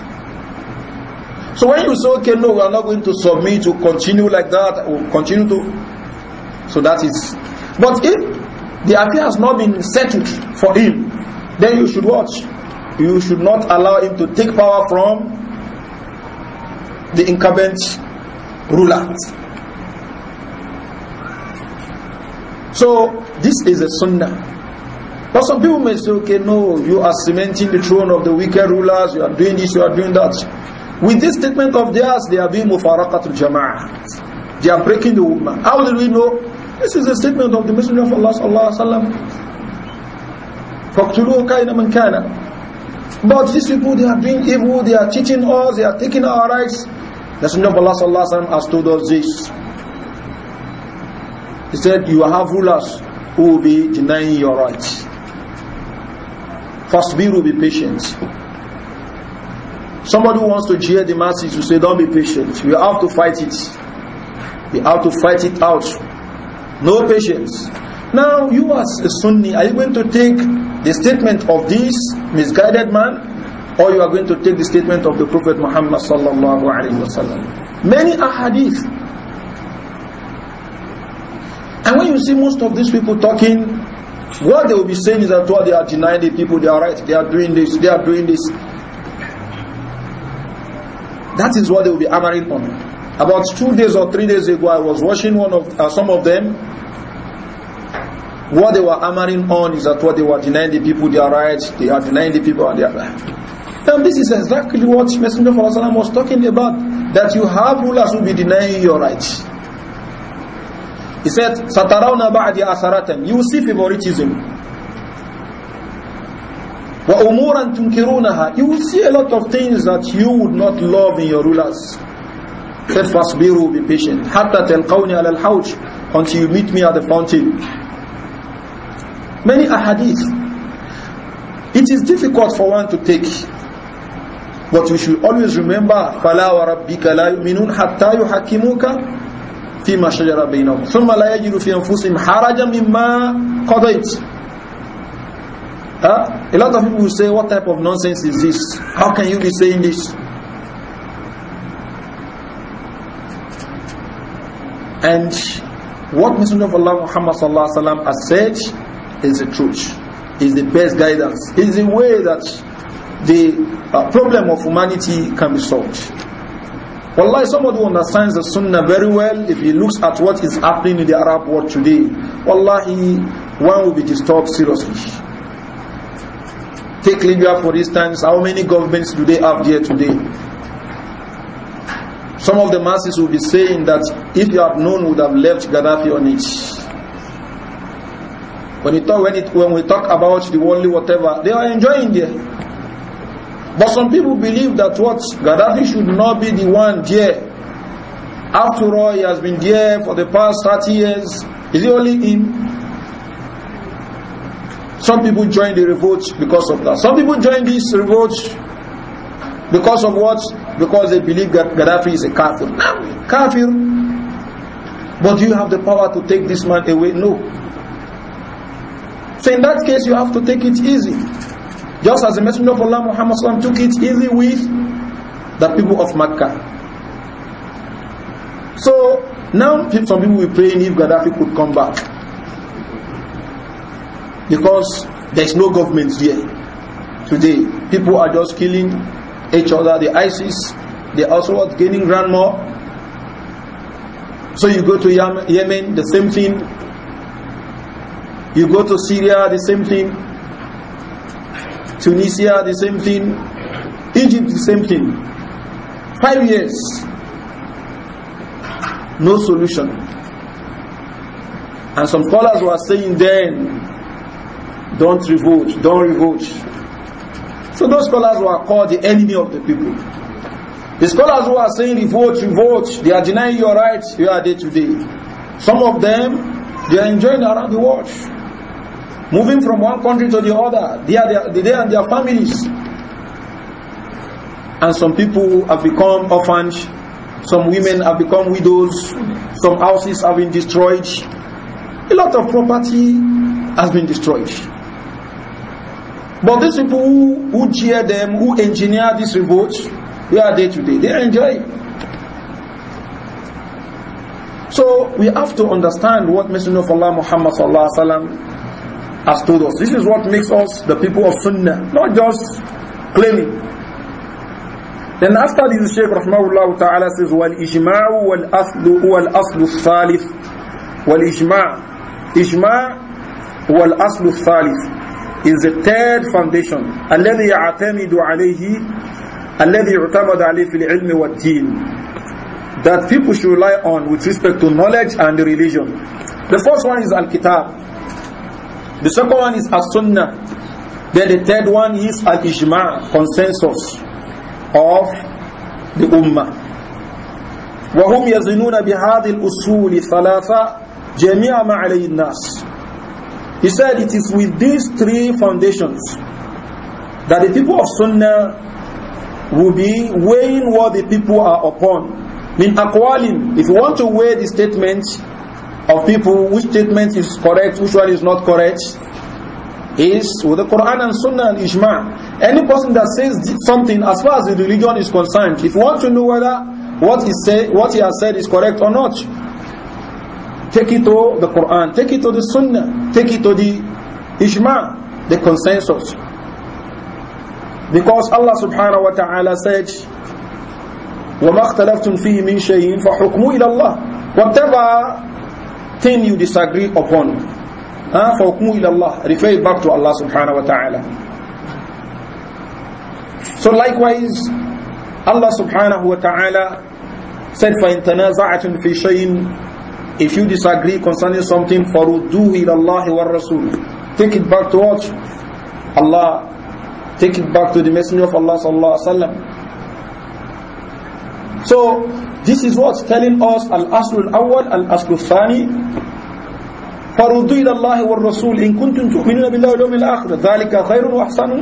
So when you say, okay, no, we are not going to submit, to continue like that, or continue to... So that is... But if the affair has not been settled for him, then you should watch you should not allow him to take power from the incumbent ruler. So this is a sunnah. But some people may say, okay, no, you are cementing the throne of the wicked rulers, you are doing this, you are doing that. With this statement of theirs, they are being mufaraqatul jama'ah. They are breaking the woman. How do we know? This is a statement of the Messenger of Allah sallallahu alayhi wa sallam. But these people, they are doing evil, they are cheating us, they are taking our rights. The Messenger of Allah sallallahu alayhi wa has told us this. He said, you have rulers who will be denying your rights. First, be will be patient. Somebody who wants to jeer the masses will say, don't be patient. You have to fight it. You have to fight it out. No patience. Now, you as a Sunni, are you going to take the statement of this misguided man, or you are going to take the statement of the Prophet Muhammad sallallahu alaihi wasallam? Many ahadith. And when you see most of these people talking, what they will be saying is that what they are denying the people, they are right, they are doing this, they are doing this. That is what they will be hammering on. About two days or three days ago, I was watching one of uh, some of them what they were hammering on is that what they were denying the people their rights, they are denying the people their rights. And this is exactly what Messenger of Allah was talking about, that you have rulers who be denying your rights. He said, "Sataraun ba'di asaratam. You will see favoritism. Wa umuran tunkirunaha. You will see a lot of things that you would not love in your rulers. Said, fasbiru, be patient. Hatta telqawni ala al-hawj. Until you meet me at the fountain many ahadith. It is difficult for one to take. But we should always remember, فَلَا وَرَبِّكَ لَا يُؤْمِنُونَ حَتَّى يُحَكِّمُوكَ فِيمَا شَجَرَ بَيْنَهُمْ ثُمَّ لَا يَجِدُ فِي أَنفُسِهِمْ حَرَجًا مِمَّا قَضَيْتَ Huh? A lot of people will say, what type of nonsense is this? How can you be saying this? And what Messenger of Allah Muhammad sallallahu alaihi wasallam has said is the truth, is the best guidance, is the way that the uh, problem of humanity can be solved. Wallahi, somebody who understands the sunnah very well, if he looks at what is happening in the Arab world today, wallahi, one will be disturbed seriously. Take Libya for instance, how many governments do they have there today? Some of the masses will be saying that if you had known, would have left Gaddafi on it. When, when, it, when we talk about the worldly whatever, they are enjoying there. But some people believe that what? Gaddafi should not be the one there. After all, he has been there for the past 30 years. Is it only him? Some people join the revolt because of that. Some people join this revolt because of what? Because they believe that Gaddafi is a kafir. Kafir. But do you have the power to take this man away? No. So in that case, you have to take it easy. Just as the Messenger of Allah Muhammad took it easy with the people of Makkah. So now some people will pray if Gaddafi could come back. Because there is no government there today. People are just killing each other. The ISIS, they also are gaining ground more. So you go to Yemen, the same thing you go to Syria, the same thing. Tunisia, the same thing. Egypt, the same thing. Five years. No solution. And some scholars were saying then, don't revolt, don't revolt. So those scholars were called the enemy of the people. The scholars who are saying revolt, revolt, they are denying your rights, you are there today. Some of them, they are enjoying around the world moving from one country to the other, they, are, they, they and their families. And some people have become orphans, some women have become widows, some houses have been destroyed, a lot of property has been destroyed. But these people who, who cheer them, who engineer this revolt, they are there today? They enjoy So we have to understand what Messenger of Allah Muhammad sallallahu alaihi wasallam has told us. This is what makes us the people of Sunnah, not just claiming. Then after this, Shaykh Rahmahullah Ta'ala says, وَالْإِجْمَعُ وَالْأَصْلُ وَالْأَصْلُ الثَّالِثِ وَالْإِجْمَعُ إِجْمَعُ وَالْأَصْلُ الثَّالِثِ is the third foundation. الَّذِي يَعْتَمِدُ عَلَيْهِ الَّذِي يُعْتَمَدُ عَلَيْهِ فِي الْعِلْمِ وَالدِّينِ That people should rely on with respect to knowledge and religion. The first one is Al-Kitab. The second one is as-sunnah. Then the third one is al-ijma' consensus of the ummah. وهم يزنون بهذه الأصول ثلاثة جميع ما عليه الناس He said it is with these three foundations that the people of Sunnah will be weighing what the people are upon. Min aqwalim, if you want to weigh the statement, of people, which statement is correct, which one is not correct, is with the Quran and Sunnah and Ijma. Any person that says something as far as the religion is concerned, if you want to know whether what he, say, what he has said is correct or not, take it to the Quran, take it to the Sunnah, take it to the Ijma, the consensus. Because Allah subhanahu wa ta'ala said, وَمَا اخْتَلَفْتُمْ فِيهِ مِنْ شَيْءٍ فَحُكْمُوا إِلَى اللَّهِ Whatever thing you disagree upon. Uh, فَوْكْمُوا إِلَى allah Refer back to Allah subhanahu wa ta'ala. So likewise, Allah subhanahu wa ta'ala said, فَإِن تَنَازَعَةٌ fi shayin." If you disagree concerning something, فَرُدُّوهِ Allah اللَّهِ Rasul. Take it back to Allah. Take it back to the Messenger of Allah sallallahu alaihi wasallam. So this is what's telling us al-aslu al-awwal, al-aslu al-thani. فَرُضُّ إِلَى اللَّهِ إِن كُنْتُمْ تُؤْمِنُونَ بِاللَّهِ وَالْيَوْمِ الْآخِرِ ذَلِكَ خَيْرٌ وَأَحْسَنُ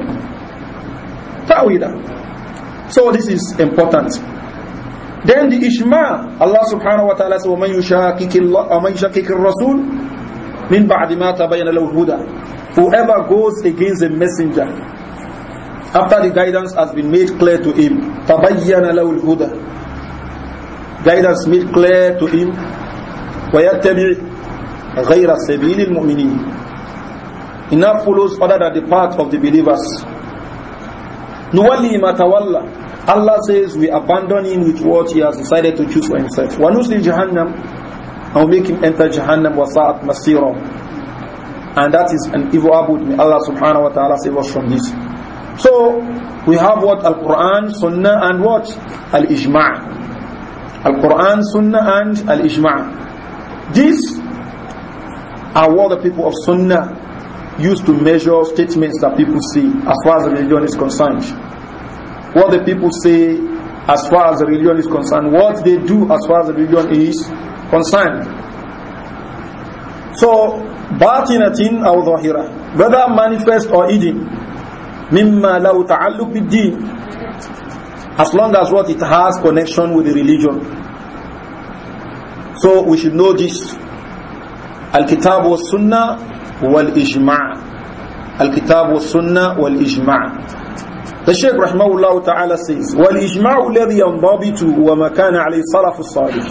So this is important. Then the Ishma, Allah subhanahu wa ta'ala says, وَمَنْ يُشَاكِكِ الرَّسُولِ مِنْ بَعْدِ مَا تَبَيَّنَ لَهُ الْهُدَى Whoever goes against a messenger, after the guidance has been made clear to him, تَبَيَّنَ لَهُ الْهُدَى guidance made clear to him وَيَتَّبِعْ غَيْرَ سَبِيلِ الْمُؤْمِنِينَ He now follows other than the path of the believers. نُوَلِّي مَتَوَلَّى Allah says we abandon him with what he has decided to choose for himself. وَنُسْلِ جَهَنَّمْ And we make him enter Jahannam وَسَعَتْ مَسِيرًا And that is an evil abode. May Allah subhanahu wa ta'ala save us from this. So, we have what? Al-Quran, Sunnah and what? Al-Ijma' Al-Quran, Sunnah and Al-Ijma' these are what the people of Sunnah used to measure statements that people say as far as religion is concerned what the people say as far as religion is concerned what they do as far as religion is concerned so batinatin aw zahira whether manifest or hidden mimma law ta'alluq bid-din as long as what it has connection with the religion. So we should know this. Al-Kitab wa Sunnah wal-Ijma' Al-Kitab wa Sunnah wal-Ijma' The Shaykh Rahmahullah Ta'ala says, "Wal الَّذِي يَنْضَبِتُ وَمَا كَانَ عَلَيْهِ صَلَفُ الصَّالِحِ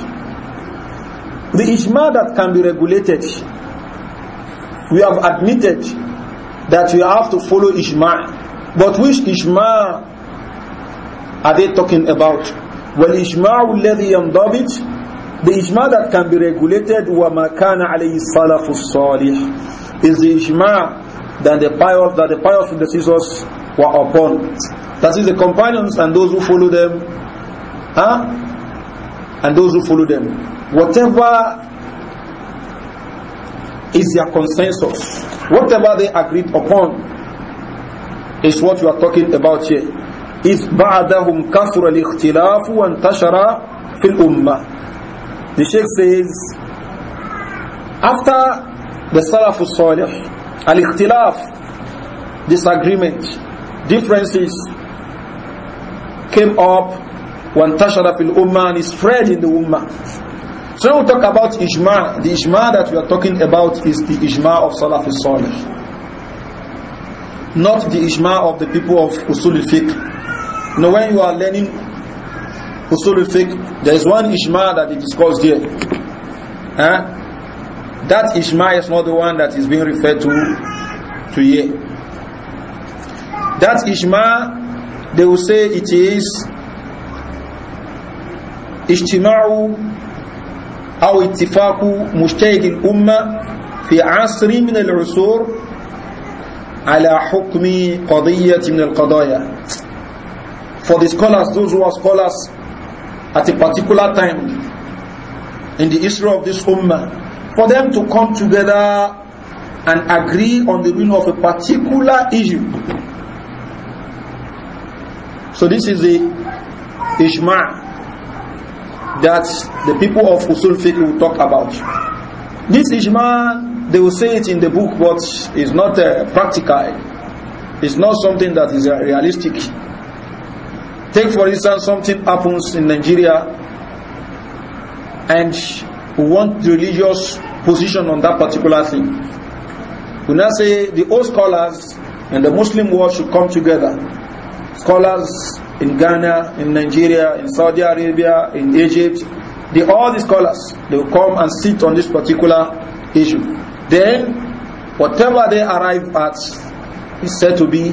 The ijma that can be regulated, we have admitted that we have to follow ijma, but which ijma are they talking about? وَالْإِجْمَعُ الَّذِي يَنْضَبِتْ The ijma that can be regulated وَمَا كَانَ عَلَيْهِ السَّلَفُ الصَّالِحِ is the ijma that the pious, that the pious predecessors were upon. That is the companions and those who follow them. Huh? And those who follow them. Whatever is their consensus. Whatever they agreed upon is what we are talking about here. إذ بعدهم كثر الاختلاف وانتشر في الأمة. The Sheikh says, after the Salaf al-Salih, al-Ikhtilaf, disagreement, differences came up وانتشر في الأمة and spread in the Ummah. So now we talk about Ijma. The Ijma that we are talking about is the Ijma of Salaf al-Salih. Not the Ijma of the people of Usul al-Fiqh. You know, when you are learning usul al fiqh, there is one ijma that is discussed here. Huh? That ijma is not the one that is being referred to to here. That ijma, they will say it is اجتماع أو اتفاق مجتهد الأمة في عصر من العصور على حكم قضية من القضايا for the scholars, those who are scholars at a particular time in the history of this ummah, for them to come together and agree on the ruling of a particular issue. So this is the ijma that the people of usul fiqh will talk about. This ijma, they will say it in the book, but it's not uh, practical. It's not something that is realistic. Take for instance, something happens in Nigeria and we want the religious position on that particular thing. We now say the old scholars and the Muslim world should come together. Scholars in Ghana, in Nigeria, in Saudi Arabia, in Egypt, the, all the scholars, they will come and sit on this particular issue. Then, whatever they arrive at is said to be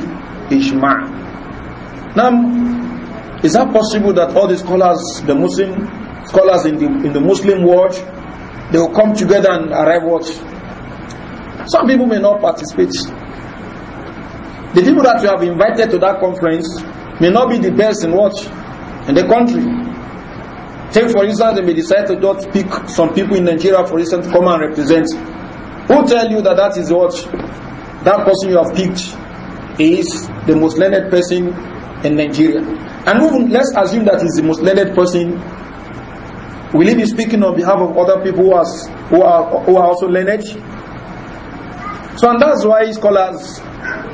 Ijma'. Now, is that possible that all the scholars, the Muslim scholars in the, in the Muslim world, they will come together and arrive what? Some people may not participate. The people that you have invited to that conference may not be the best in what? In the country. Take for instance, they may decide to not pick some people in Nigeria, for instance, to come and represent. Who tell you that that is what? That person you have picked is the most learned person in Nigeria. And even let's assume that he's the most learned person. Will he be speaking on behalf of other people who, who, are, who are also learned? So and that's why scholars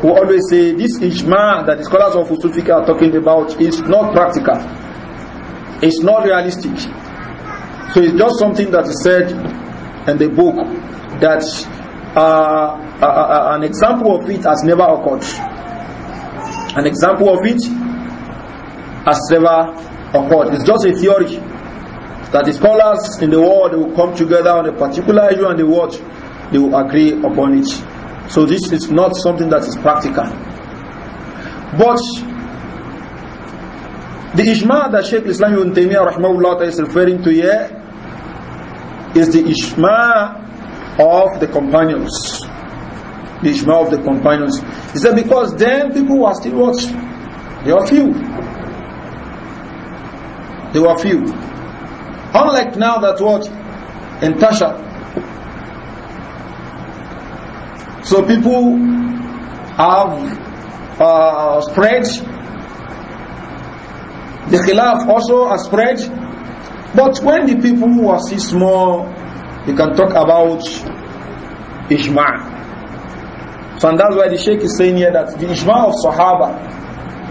who always say this ijma that the scholars of Usufika are talking about is not practical. It's not realistic. So it's just something that is said in the book that uh, uh, uh, uh an example of it has never occurred. An example of it has never occurred. It's just a theory that the scholars in the world will come together on a particular issue and they watch, they will agree upon it. So this is not something that is practical. But the ijma that Sheikh Islam ibn Taymiyyah is referring to here is the ijma of the companions. The ijma of the companions. He said because then people were still watching. There are few. They were few. Unlike now that what? In Tasha. So people have uh, spread. The Khilaf also has spread. But when the people who are small, you can talk about Ijma'. So and that's why the Sheikh is saying here that the Ijma' of Sahaba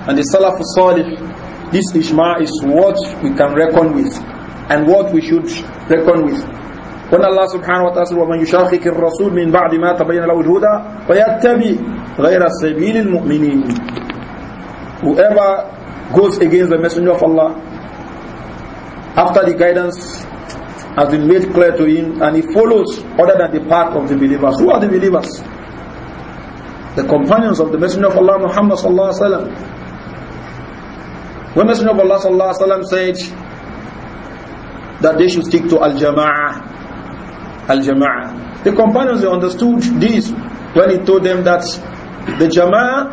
and the Salaf al-Salih this Ishma is what we can reckon with and what we should reckon with. When Allah subhanahu wa ta'ala وَمَنْ يُشَاخِكِ الرَّسُولِ مِنْ بَعْدِ مَا تَبَيَّنَ لَهُ الْهُدَى فَيَتَّبِي غَيْرَ السبيل الْمُؤْمِنِينَ Whoever goes against the messenger of Allah after the guidance has been made clear to him and he follows other than the path of the believers. Who are the believers? The companions of the messenger of Allah Muhammad sallallahu alaihi wasallam when Messenger of Allah sallallahu alaihi wasallam said that they should stick to al-jama'ah, al-jama'ah, the companions they understood this when he told them that the jama'ah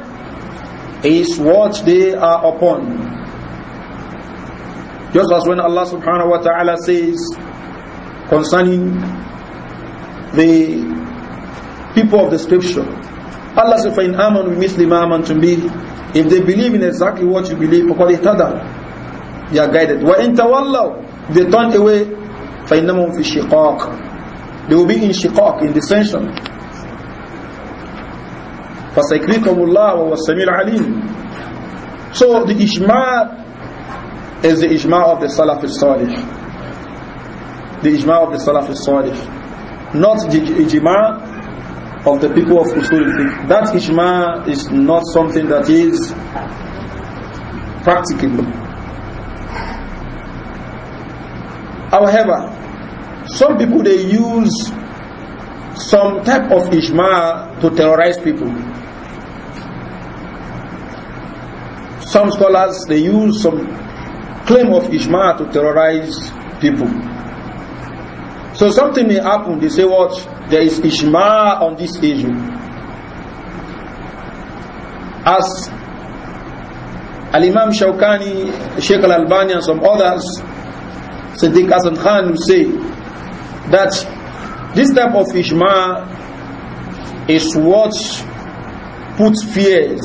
is what they are upon. Just as when Allah subhanahu wa ta'ala says concerning the people of the scripture, Allah says, فَإِنْ آمَنُوا بِمِثْلِ مَا آمَنْتُمْ بِهِ if they believe in exactly what you believe, for They are guided. But تَوَلَّوْا If they turn away, فَإِنَّمُمْ فِي شِقَاقٍ They will be in shiqaq, in dissension. فَسَيْكْرِكَمُ اللَّهُ وَالسَّمِيعُ الْعَلِيمُ So the ijma' is the ijma' of the Salaf al-Salih. The ijma' of the Salaf al-Salih. Not the ijma' of the people of Usul That ijma is not something that is practicable. However, some people they use some type of ijma to terrorize people. Some scholars they use some claim of ijma to terrorize people. So something may happen, they say what? There is ijma on this issue. As Al-Imam Shawkani, Sheikh Al-Albani and some others, Sadiq Hassan Khan say that this type of ijma is what puts fears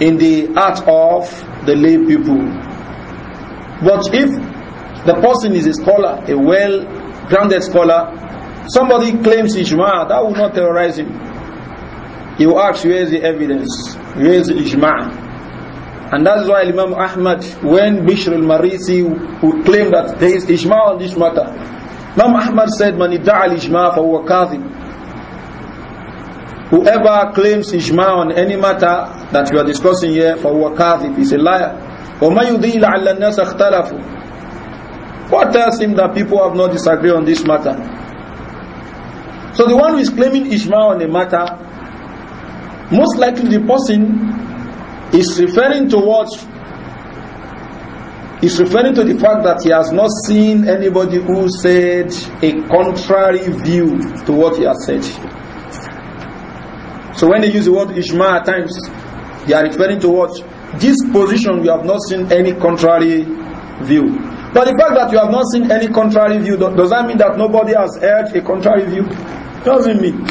in the heart of the lay people. But if the person is a scholar, a well-grounded scholar, Somebody claims ijma, that will not terrorize him. He will ask, where is the evidence? Where is the ijma? And that's why Imam Ahmad, when Bishr al-Marisi would claim that there is ijma on this matter, Imam Ahmad said, Man al-ijma fahuwa kathib. Whoever claims ijma on any matter that we are discussing here, fahuwa kathib, is a liar. وَمَا يُدِيلَ عَلَى النَّاسَ What tells him that people have not disagreed on this matter? So the one who is claiming Ishmael on the matter, most likely the person is referring to what is referring to the fact that he has not seen anybody who said a contrary view to what he has said. So when they use the word Ishmael, at times, they are referring to what? This position, you have not seen any contrary view. But the fact that you have not seen any contrary view, does that mean that nobody has heard a contrary view? doesn't mean.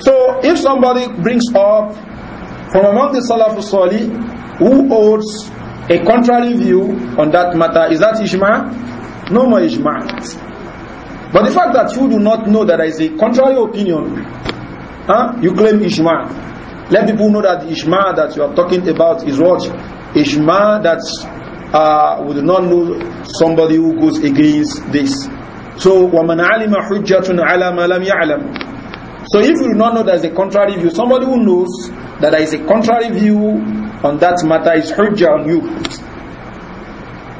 So if somebody brings up from among the Salafus Salih who holds a contrary view on that matter, is that Ijma? No more Ijma. But the fact that you do not know that there is a contrary opinion, huh? you claim Ijma. Let people know that Ijma that you are talking about is what? Ijma that uh, would not know somebody who goes against this. So, وَمَنْ عَلِمَ حُجَّةٌ عَلَى مَا لَمْ يَعْلَمْ So if you do not know there is a contrary view, somebody who knows that there is a contrary view on that matter is hujja on you.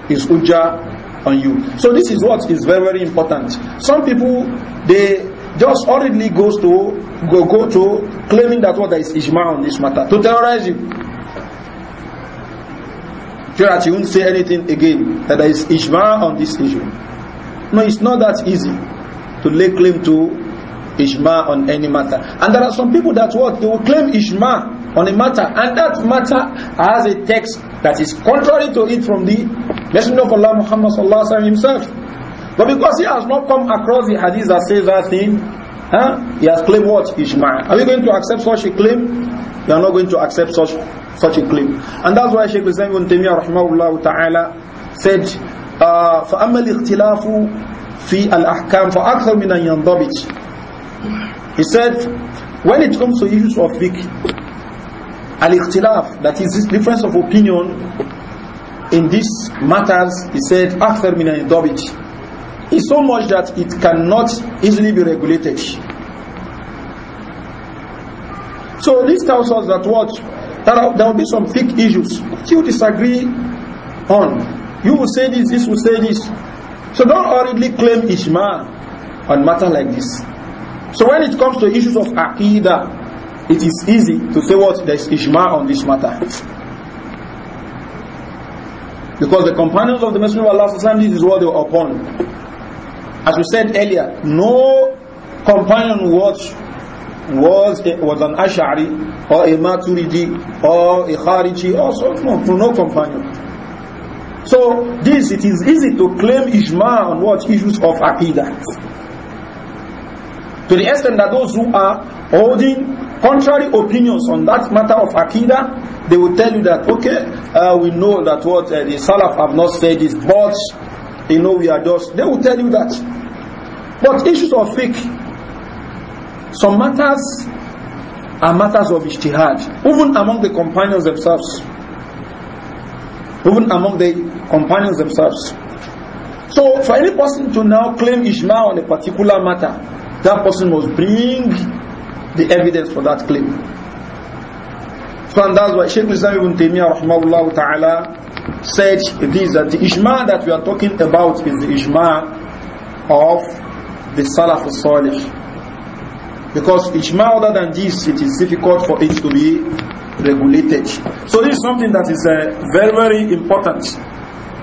Is hujja on you. So this is what is very, very important. Some people, they just hurriedly goes to go, go to claiming that what there is ijma on this matter to terrorize you so that you won't say anything again that there is ijma on this issue no, it's not that easy to lay claim to Ishma on any matter. And there are some people that what? They will claim Ishma on a matter. And that matter has a text that is contrary to it from the Messenger of Allah Muhammad sallallahu alaihi wasallam himself. But because he has not come across the hadith that says that thing, huh? he has claimed what? Ishma. Are you going to accept such a claim? You are not going to accept such such a claim. And that's why Sheikh Islam ibn Taymiyyah rahmahullah ta'ala said فأما الاختلاف في الأحكام فأكثر من أن ينضبط He said, when it comes to issues of fiqh, al-ikhtilaf, that is difference of opinion in these matters, he said, أكثر من أن is so much that it cannot easily be regulated. So this tells us that what? there will be some fiqh issues that you disagree on. You will say this, this will say this. So don't hurriedly claim Ishma on matter like this. So when it comes to issues of Aqidah, it is easy to say what? There is Ishma on this matter. Because the companions of the Messenger of Allah, this is what they were upon. As we said earlier, no companion was was was an Ash'ari or a Maturidi or a Khariji or so, no, no companion. So this, it is easy to claim ijma on what? Issues of aqidah. To the extent that those who are holding contrary opinions on that matter of aqidah, they will tell you that, okay, uh, we know that what uh, the Salaf have not said is, but, you know, we are just, they will tell you that. But issues of fiqh, some matters are matters of ijtihad, even among the companions themselves even among the companions themselves. So for any person to now claim Ijma on a particular matter, that person must bring the evidence for that claim. So and that's why Shaykh Islam ibn Taymiyyah rahmahullah ta'ala said this, that the Ijma that we are talking about is the Ijma of the Salaf al-Salih. Because Ijma other than this, it is difficult for it to be regulated. So this is something that is uh, very, very important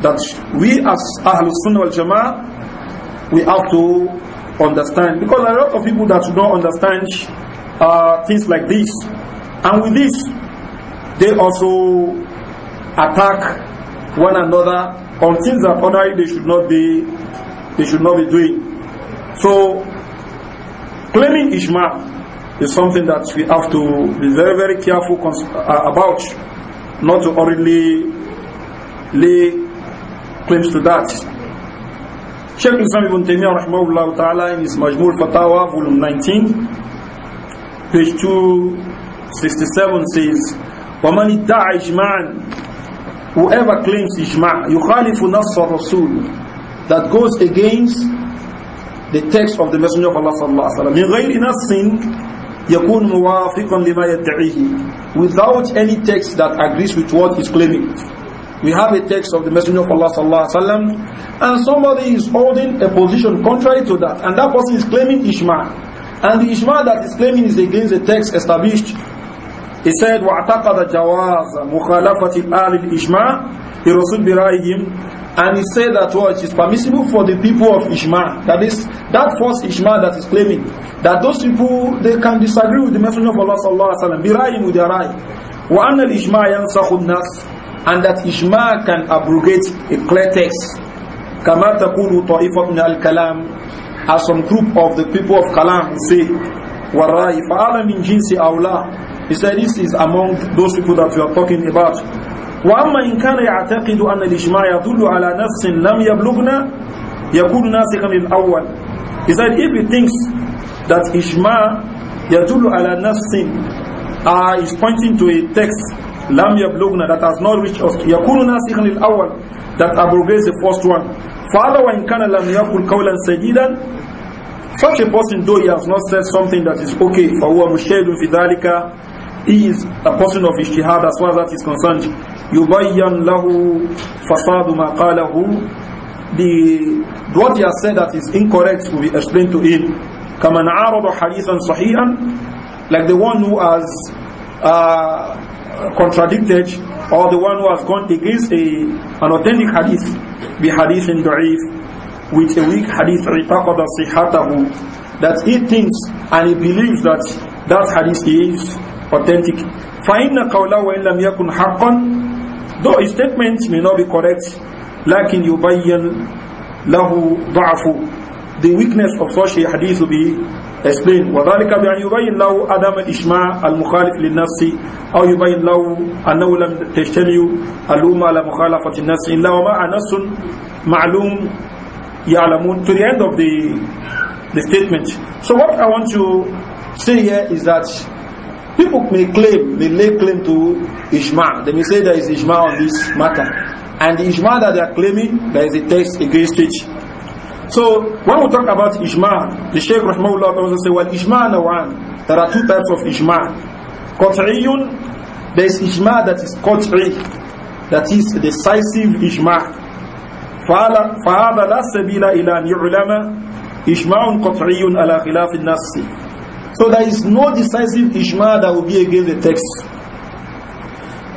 that we as Ahlul Sunnah wal Jama'ah, we have to understand. Because a lot of people that do not understand uh, things like this. And with this, they also attack one another on things that ordinarily they should not be they should not be doing. So claiming Ishmael is something that we have to be very, very careful uh, about, not to hurriedly lay claims to that. Sheikh Islam ibn Taymiyyah rahimahullah ta'ala in his Majmul Fatawa volume 19 page 267 says وَمَنِ ادَّعَ إِجْمَعًا whoever claims ijma' يُخَالِفُ نَصَّ الرَّسُولِ that goes against the text of the Messenger of Allah sallallahu alaihi wasallam min غَيْرِ نَصٍ يكون موافقا لما يدعيه without any text that agrees with what he's claiming. We have a text of the Messenger of Allah sallallahu alaihi wasallam, and somebody is holding a position contrary to that, and that person is claiming Ishmael. And the Ishmael that is claiming is against the text established. He said, وَاعْتَقَدَ جَوَازَ مُخَالَفَةِ آلِ الْإِشْمَاءِ the Rasul him, and he said that what is permissible for the people of Ishma that is, that false Ishma that is claiming, that those people, they can disagree with the Messenger of Allah sallallahu alaihi wasallam, bira'im with their eye. وَأَنَّ الْإِشْمَاءَ يَنْسَخُ النَّاسِ And that Ishma can abrogate a clear text. كَمَا تَقُولُ طَائِفَةٌ الْكَلَامِ As some group of the people of Kalam say, وَالرَّائِ فَأَلَ مِنْ جِنْسِ أَوْلَى He said, this is among those people that we are talking about. وأما إن كان يعتقد أن الإجماع يدل على نفس لم يبلغنا يكون ناسخا للأول He said if he thinks that إجماع يدل على نفس uh, is pointing to a text لم يبلغنا that has not reached us يكون ناسخا للأول that abrogates the first one فهذا وإن كان لم يقل قولا سديدا such a person though he has not said something that is okay فهو مشهد في ذلك he is a person of ijtihad as far as that is concerned يبين له فساد ما قاله the what he has said that is incorrect will be explained to him كمن عارض حديثا صحيحا like the one who has uh, contradicted or the one who has gone against a, an authentic hadith بحديث ضعيف with a weak hadith اعتقد صحته that he thinks and he believes that that hadith is authentic فإن قوله وإن لم يكن حقا Though his statements may not be correct, لكن يبين له ضعف The weakness of such a hadith will be explained. وذلك بأن يبين له عدم الإجماع المخالف للنفس أو يبين له أنه لم تجتمع الأمة على مخالفة النفس إلا وما نص معلوم يعلمون to the end of the the statement. So what I want to say here is that People may claim, they lay claim to Ijma. They may say there is Ijma on this matter. And the Ijma that they are claiming, there is a text against it. So, when we talk about Ijma, the Shaykh Rahmahullah also say, well, Ijma Nawan, there are two types of Ijma. Qat'iyun, there is Ijma that is Qat'i, that is decisive Ijma. فهذا لا سبيل إلى أن يعلم إجماع قطعي على خلاف النص So there is no decisive ijma that will be against the text.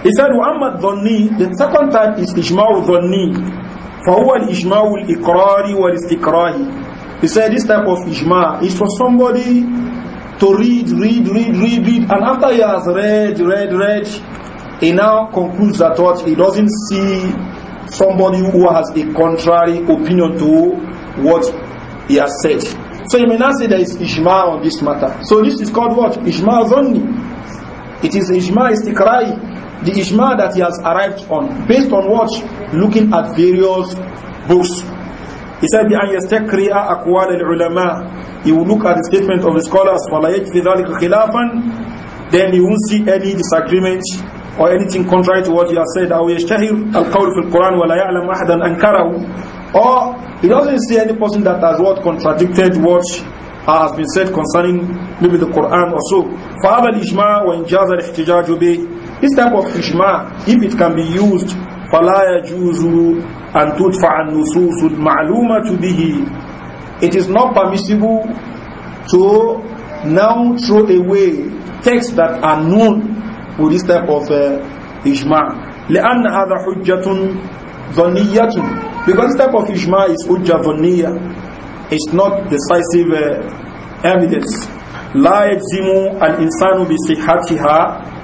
He said, وَأَمَّا الظَّنِّي The second type is ijma الظَّنِّي فهو الإجماع الإقراري والاستقراهي He said this type of ijma is for somebody to read, read, read, read, read and after he has read, read, read he now concludes that what he doesn't see somebody who has a contrary opinion to what he has said So you may not say there is ijma on this matter. So this is called what? Ijma zonni. It is ijma istikrai. The ijma that he has arrived on. Based on what? Looking at various books. He said, بِأَنْ يَسْتَكْرِيَ أَقْوَالَ الْعُلَمَاءِ He will look at the statement of the scholars, فَلَا يَجْفِ ذَلِكَ خِلَافًا Then he won't see any disagreement or anything contrary to what he has said. أَوْ يَشْتَهِرُ الْقَوْلُ فِي الْقُرْآنِ وَلَا يَعْلَمْ أَحَدًا أَنْكَرَهُ or he doesn't see any person that has what contradicted what has been said concerning maybe the Quran or so. فَهَذَا الْإِجْمَاعُ وَإِنْجَازَ الْإِحْتِجَاجُ بِهِ This type of ijma, if it can be used, juzu and يَجُوزُ أَن تُدْفَعَ maaluma الْمَعْلُومَةُ bihi. It is not permissible to now throw away texts that are known with this type of uh, ijma. لأن هذا حجة ظنية because type of Ijma is Ujjavaniya. It's not decisive uh, evidence. La yajzimu al-insanu bisihatiha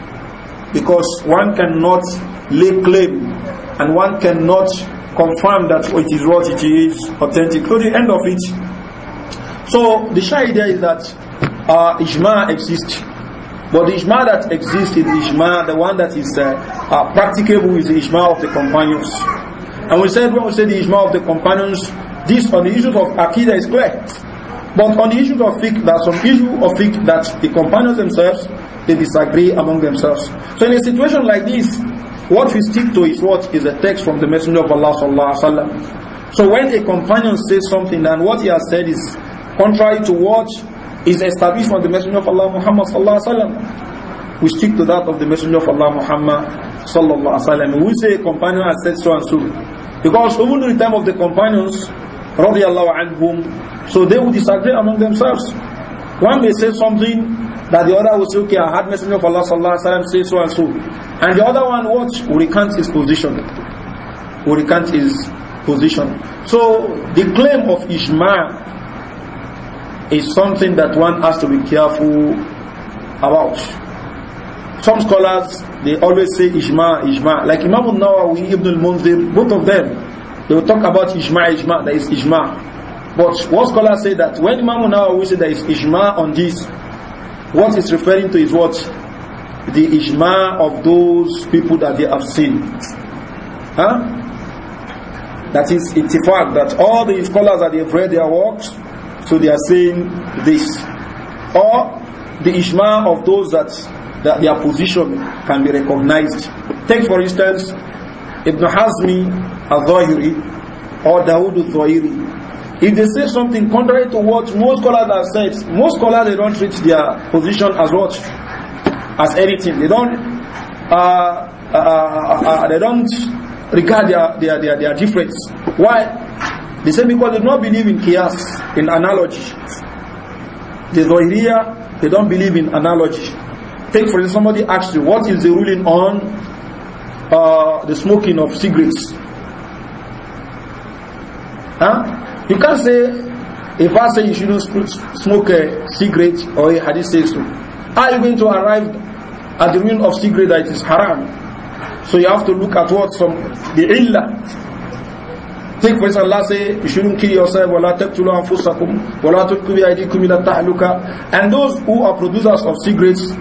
because one cannot lay claim and one cannot confirm that it is what it is authentic to so the end of it. So the shy idea is that uh, ijma exists. But the ijma that exists is ijma, the one that is uh, uh, practicable is the ijma of the companions. And we said, when we say the ijma of the companions, this on the issues of Aqidah is correct, But on the issues of fiqh, there are some issue of fiqh that the companions themselves, they disagree among themselves. So in a situation like this, what we stick to is what is a text from the Messenger of Allah sallallahu alaihi wasallam. So when a companion says something and what he has said is contrary to what is established from the Messenger of Allah Muhammad sallallahu alaihi wasallam, we stick to that of the Messenger of Allah Muhammad sallallahu alaihi wasallam. We say a companion has said so and so, because even in the time of the companions, radiallahu anhum, so they would disagree among themselves. One may say something that the other will say, okay, I had Messenger of Allah sallallahu alaihi wasallam say so and so, and the other one what will recant his position, will recant his position. So the claim of Ishmael is something that one has to be careful about some scholars, they always say Ijma, Ijma. Like Imam al-Nawawi, Ibn al-Munzir, both of them, they will talk about Ijma, Ijma, there is Ijma. But one scholar say that when Imam al-Nawawi said there is Ijma on this, what he's referring to is what? The Ijma of those people that they have seen. Huh? That is fact that all the scholars that they've read their works, so they are saying this. Or the Ijma of those that that their position can be recognized. Take for instance, Ibn Hazmi al-Zahiri or Dawood al-Zahiri. If they say something contrary to what most scholars have said, most scholars they don't treat their position as what? As anything. They don't uh, uh, uh, uh, uh they don't regard their, their, their, their difference. Why? They say because they do not believe in chaos, in analogy. The Zohiriya, they don't believe in analogy. Take for instance, somebody asks you, what is the ruling on uh, the smoking of cigarettes? Huh? You can't say, if I say you shouldn't smoke a cigarette or a hadith says so. Are you going to arrive at the ruling of cigarette that is haram? So you have to look at what from the Inla. Take for instance, Allah say, you shouldn't kill yourself, وَلَا تَقْتُلُوا أَنفُسَكُمْ وَلَا تُلْقُوا بِأَيْدِيكُمْ إِلَى التَّعْلُكَ And those who are producers of cigarettes,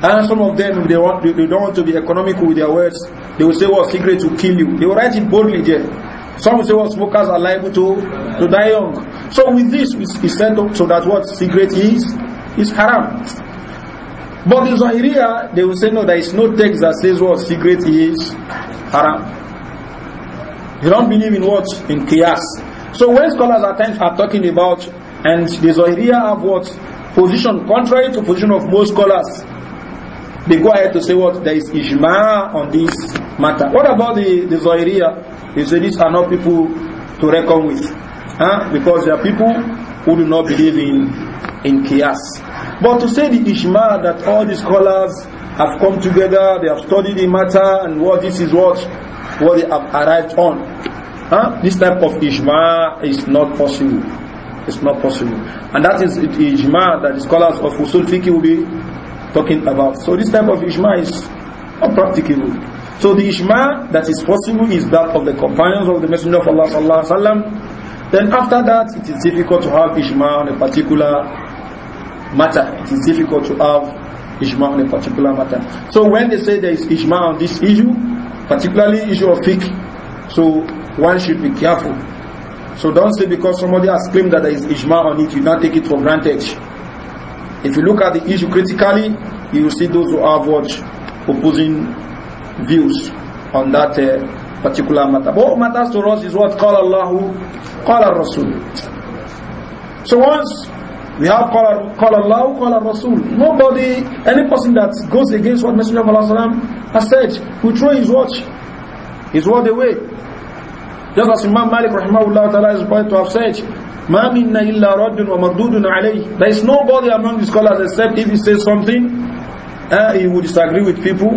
and some of them, they, want, they, they, don't want to be economical with their words. They will say, well, cigarette will kill you. They will write it boldly there. Some will say, well, smokers are liable to, to die young. So with this, it's said so that what cigarette is, is haram. But in Zahiria, they will say, no, there is no text that says what cigarette is haram. They don't believe in what? In chaos. So when scholars at times are talking about, and the Zahiria have what? Position contrary to position of most scholars, they go ahead to say what? There is ijma on this matter. What about the, the Zohiriya? They say these are not people to reckon with. Huh? Because there are people who do not believe in, in Qiyas. But to say the ijma that all the scholars have come together, they have studied the matter, and what this is what, what they have arrived on. Huh? This type of ijma is not possible. It's not possible. And that is ijma that the scholars of Usul Fiqh will be talking about. So this type of Ijma is not practicable. So the Ijma that is possible is that of the companions of the Messenger of Allah sallallahu alaihi wasallam. Then after that, it is difficult to have Ijma on a particular matter. It is difficult to have Ijma on a particular matter. So when they say there is Ijma on this issue, particularly issue of fiqh, so one should be careful. So don't say because somebody has claimed that there is Ijma on it, you now take it for granted. If you look at the issue critically, you will see those who have what opposing views on that uh, particular matter. But what matters to us is what qala Allahu, qala Rasul. So once we have qala, Allah, Allahu, qala Rasul, nobody, any person that goes against what Messenger of Allah has said, we throw his watch, his word away. Just as Imam Malik rahimahullah ta'ala is reported to have said, مَا مِنَّا إِلَّا رَجٌ وَمَرْدُودٌ عَلَيْهِ There is nobody among the scholars except if he says something, uh, he will disagree with people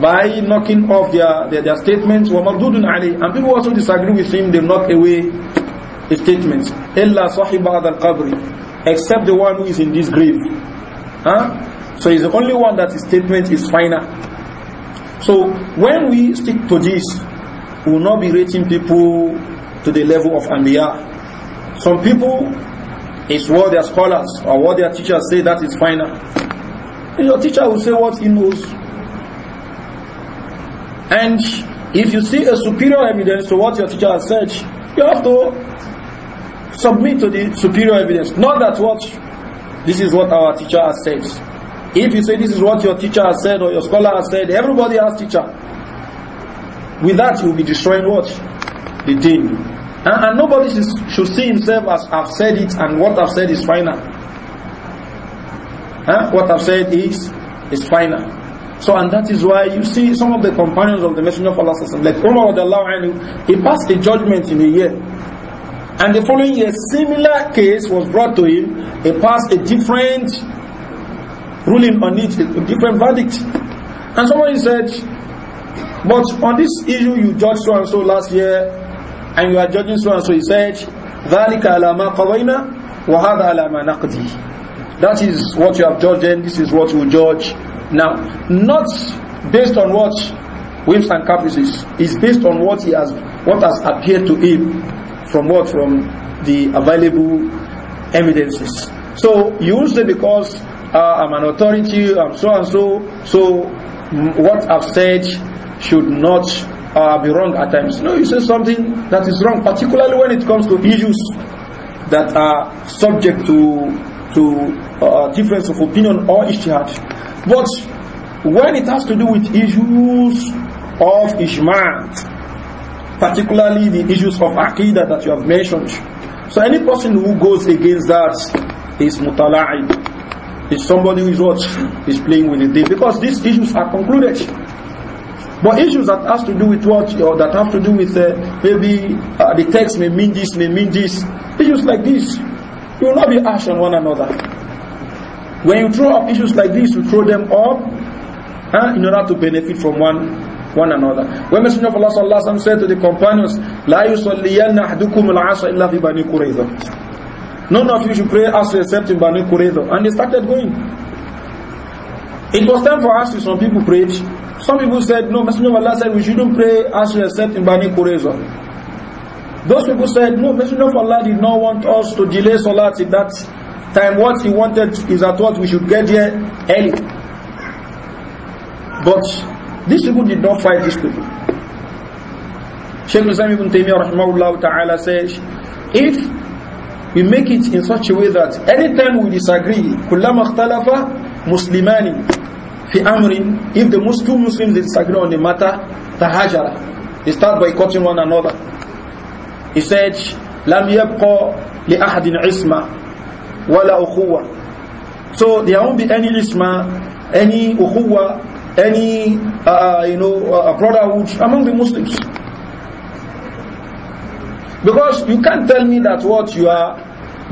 by knocking off their, their, their statements, وَمَرْدُودٌ عَلَيْهِ And people also disagree with him, they knock away his statements. إِلَّا صَحِبَ هَذَا الْقَبْرِ Except the one who is in this grave. Huh? So he's the only one that his statement is final. So when we stick to this, will not be rating people to the level of Anbiya. Some people, it's what their scholars or what their teachers say that is final. And your teacher will say what he knows. And if you see a superior evidence to what your teacher has said, you have to submit to the superior evidence. Not that what this is what our teacher has said. If you say this is what your teacher has said or your scholar has said, everybody has teacher. With that, he will be destroying what? The deen. And, and nobody should see himself as I've said it and what I've said is final. Huh? What I've said is, is final. So and that is why you see some of the companions of the Messenger of Allah like Umar anhu, he passed a judgment in a year. And the following year, similar case was brought to him. He passed a different ruling on it, a different verdict. And somebody said, but on this issue, you judged so and so last year, and you are judging so and so. He said, ذَلِكَ عَلَى مَا قَضَيْنَا وَهَذَا عَلَى مَا That is what you have judged then, this is what you judge now. Not based on what whims and caprices, is based on what he has, what has appeared to him from what? From the available evidences. So you will say because uh, I'm an authority, I'm so and so, so what I've said should not uh, be wrong at times. No, you say something that is wrong, particularly when it comes to issues that are subject to to uh, difference of opinion or ijtihad. But when it has to do with issues of ijma, particularly the issues of aqidah that you have mentioned, so any person who goes against that is mutala'id. It's somebody who is what is playing with the day because these issues are concluded. But issues that has to do with what, or that have to do with uh, maybe uh, the text may mean this, may mean this. Issues like this, you will not be harsh on one another. When you throw up issues like this, you throw them up uh, in order to benefit from one one another. When Messenger of Allah sallallahu alaihi wasallam said to the companions, "La yusalliyanna ahdukum al-'asha illa fi Bani Qurayza." None of you should pray as except in Bani Qurayza. And they started going. It was time for us. to Some people prayed. Some people said, no, Messenger of Allah said we shouldn't pray as we accept in Bani Qurayza. Those people said, no, Messenger of Allah did not want us to delay Salah at that time. What he wanted is that what we should get here early. But these people did not fight these people. Shaykh Islam ibn Taymiyyah ta'ala says, if we make it in such a way that anytime we disagree, كُلَّمَا اخْتَلَفَ Muslimani fi amrin, if the two Muslims disagree on the matter, tahajara. They start boycotting one another. He said, لم li لأحد isma wala أخوة. So there won't be any isma, any ukhuwa, any uh, uh, you know uh, brotherhood among the Muslims. Because you can't tell me that what you are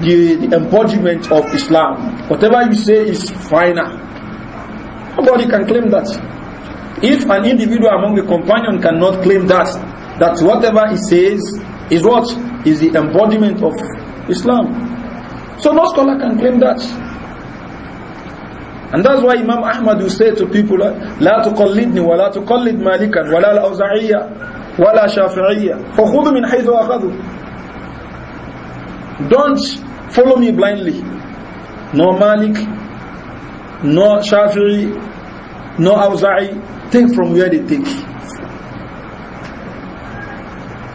the, the embodiment of Islam. Whatever you say is final. Nobody can claim that. If an individual among the companion cannot claim that, that whatever he says is what? Is the embodiment of Islam. So no scholar can claim that. And that's why Imam Ahmad will say to people, لا تقلدني ولا تقلد مالكا ولا الأوزعية ولا شافعية فخذوا من حيث أخذوا Don't follow me blindly. No Malik, no Shafi'i, no Awza'i Think from where they take.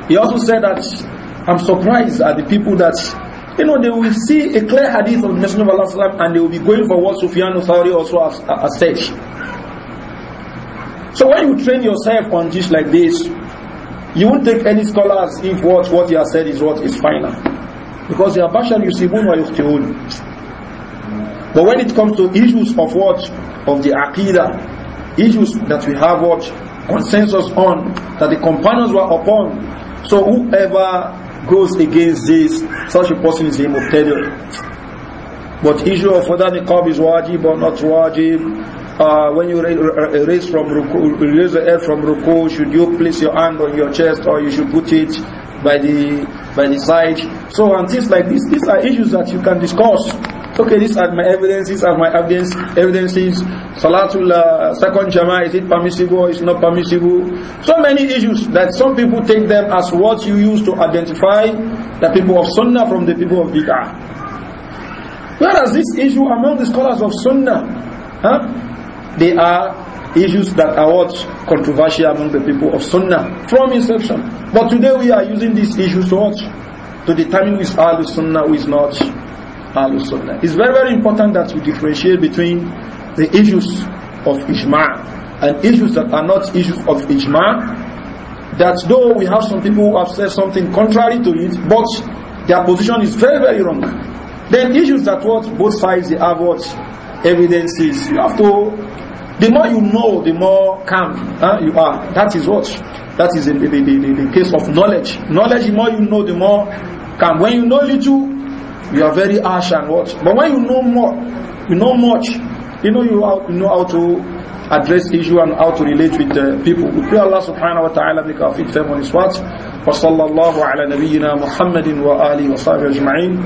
He also said that I'm surprised at the people that you know they will see a clear hadith of the Messenger of Allah and they will be going for what Sufyan Thawri also has, has said. So when you train yourself on this like this, you won't take any scholars if what what he has said is what is final. Because they are bashar yusibun wa yukhti'un. But when it comes to issues of what? Of the Aqidah, issues that we have what? Consensus on, that the companions were upon. So whoever goes against this, such a person is a Muqtadir. But issue of whether the niqab is wajib or not wajib, uh, when you raise from ruku, raise the air from ruku, should you place your hand on your chest or you should put it by the by the side? So and things like this, these are issues that you can discuss okay, these are my evidences, are my evidence, evidences. Salatul uh, second Jama, is it permissible or is not permissible? So many issues that some people take them as what you use to identify the people of Sunnah from the people of Bid'ah. Whereas this issue among the scholars of Sunnah, huh, they are issues that are what controversial among the people of Sunnah from inception. But today we are using these issues to what? To determine who is Ahlul Sunnah, who is not. Sunnah. It's very, very important that we differentiate between the issues of Ijma' and issues that are not issues of Ijma' that though we have some people who have said something contrary to it, but their position is very, very wrong. Then issues that what both sides they have what evidences. You have to the more you know, the more calm huh, you are. That is what? That is the, the, the, the, case of knowledge. Knowledge, the more you know, the more calm. When you know little, you are very harsh and what. But when you know more, you know much, you know you, how, you know how to address issue and how to relate with the people. We pray Allah subhanahu wa ta'ala make our feet firm on his watch. وصلى الله على نبينا محمد وآله وصحبه أجمعين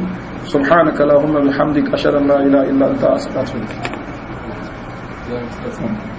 سبحانك اللهم بحمدك أشهد أن لا إله إلا أنت أستغفرك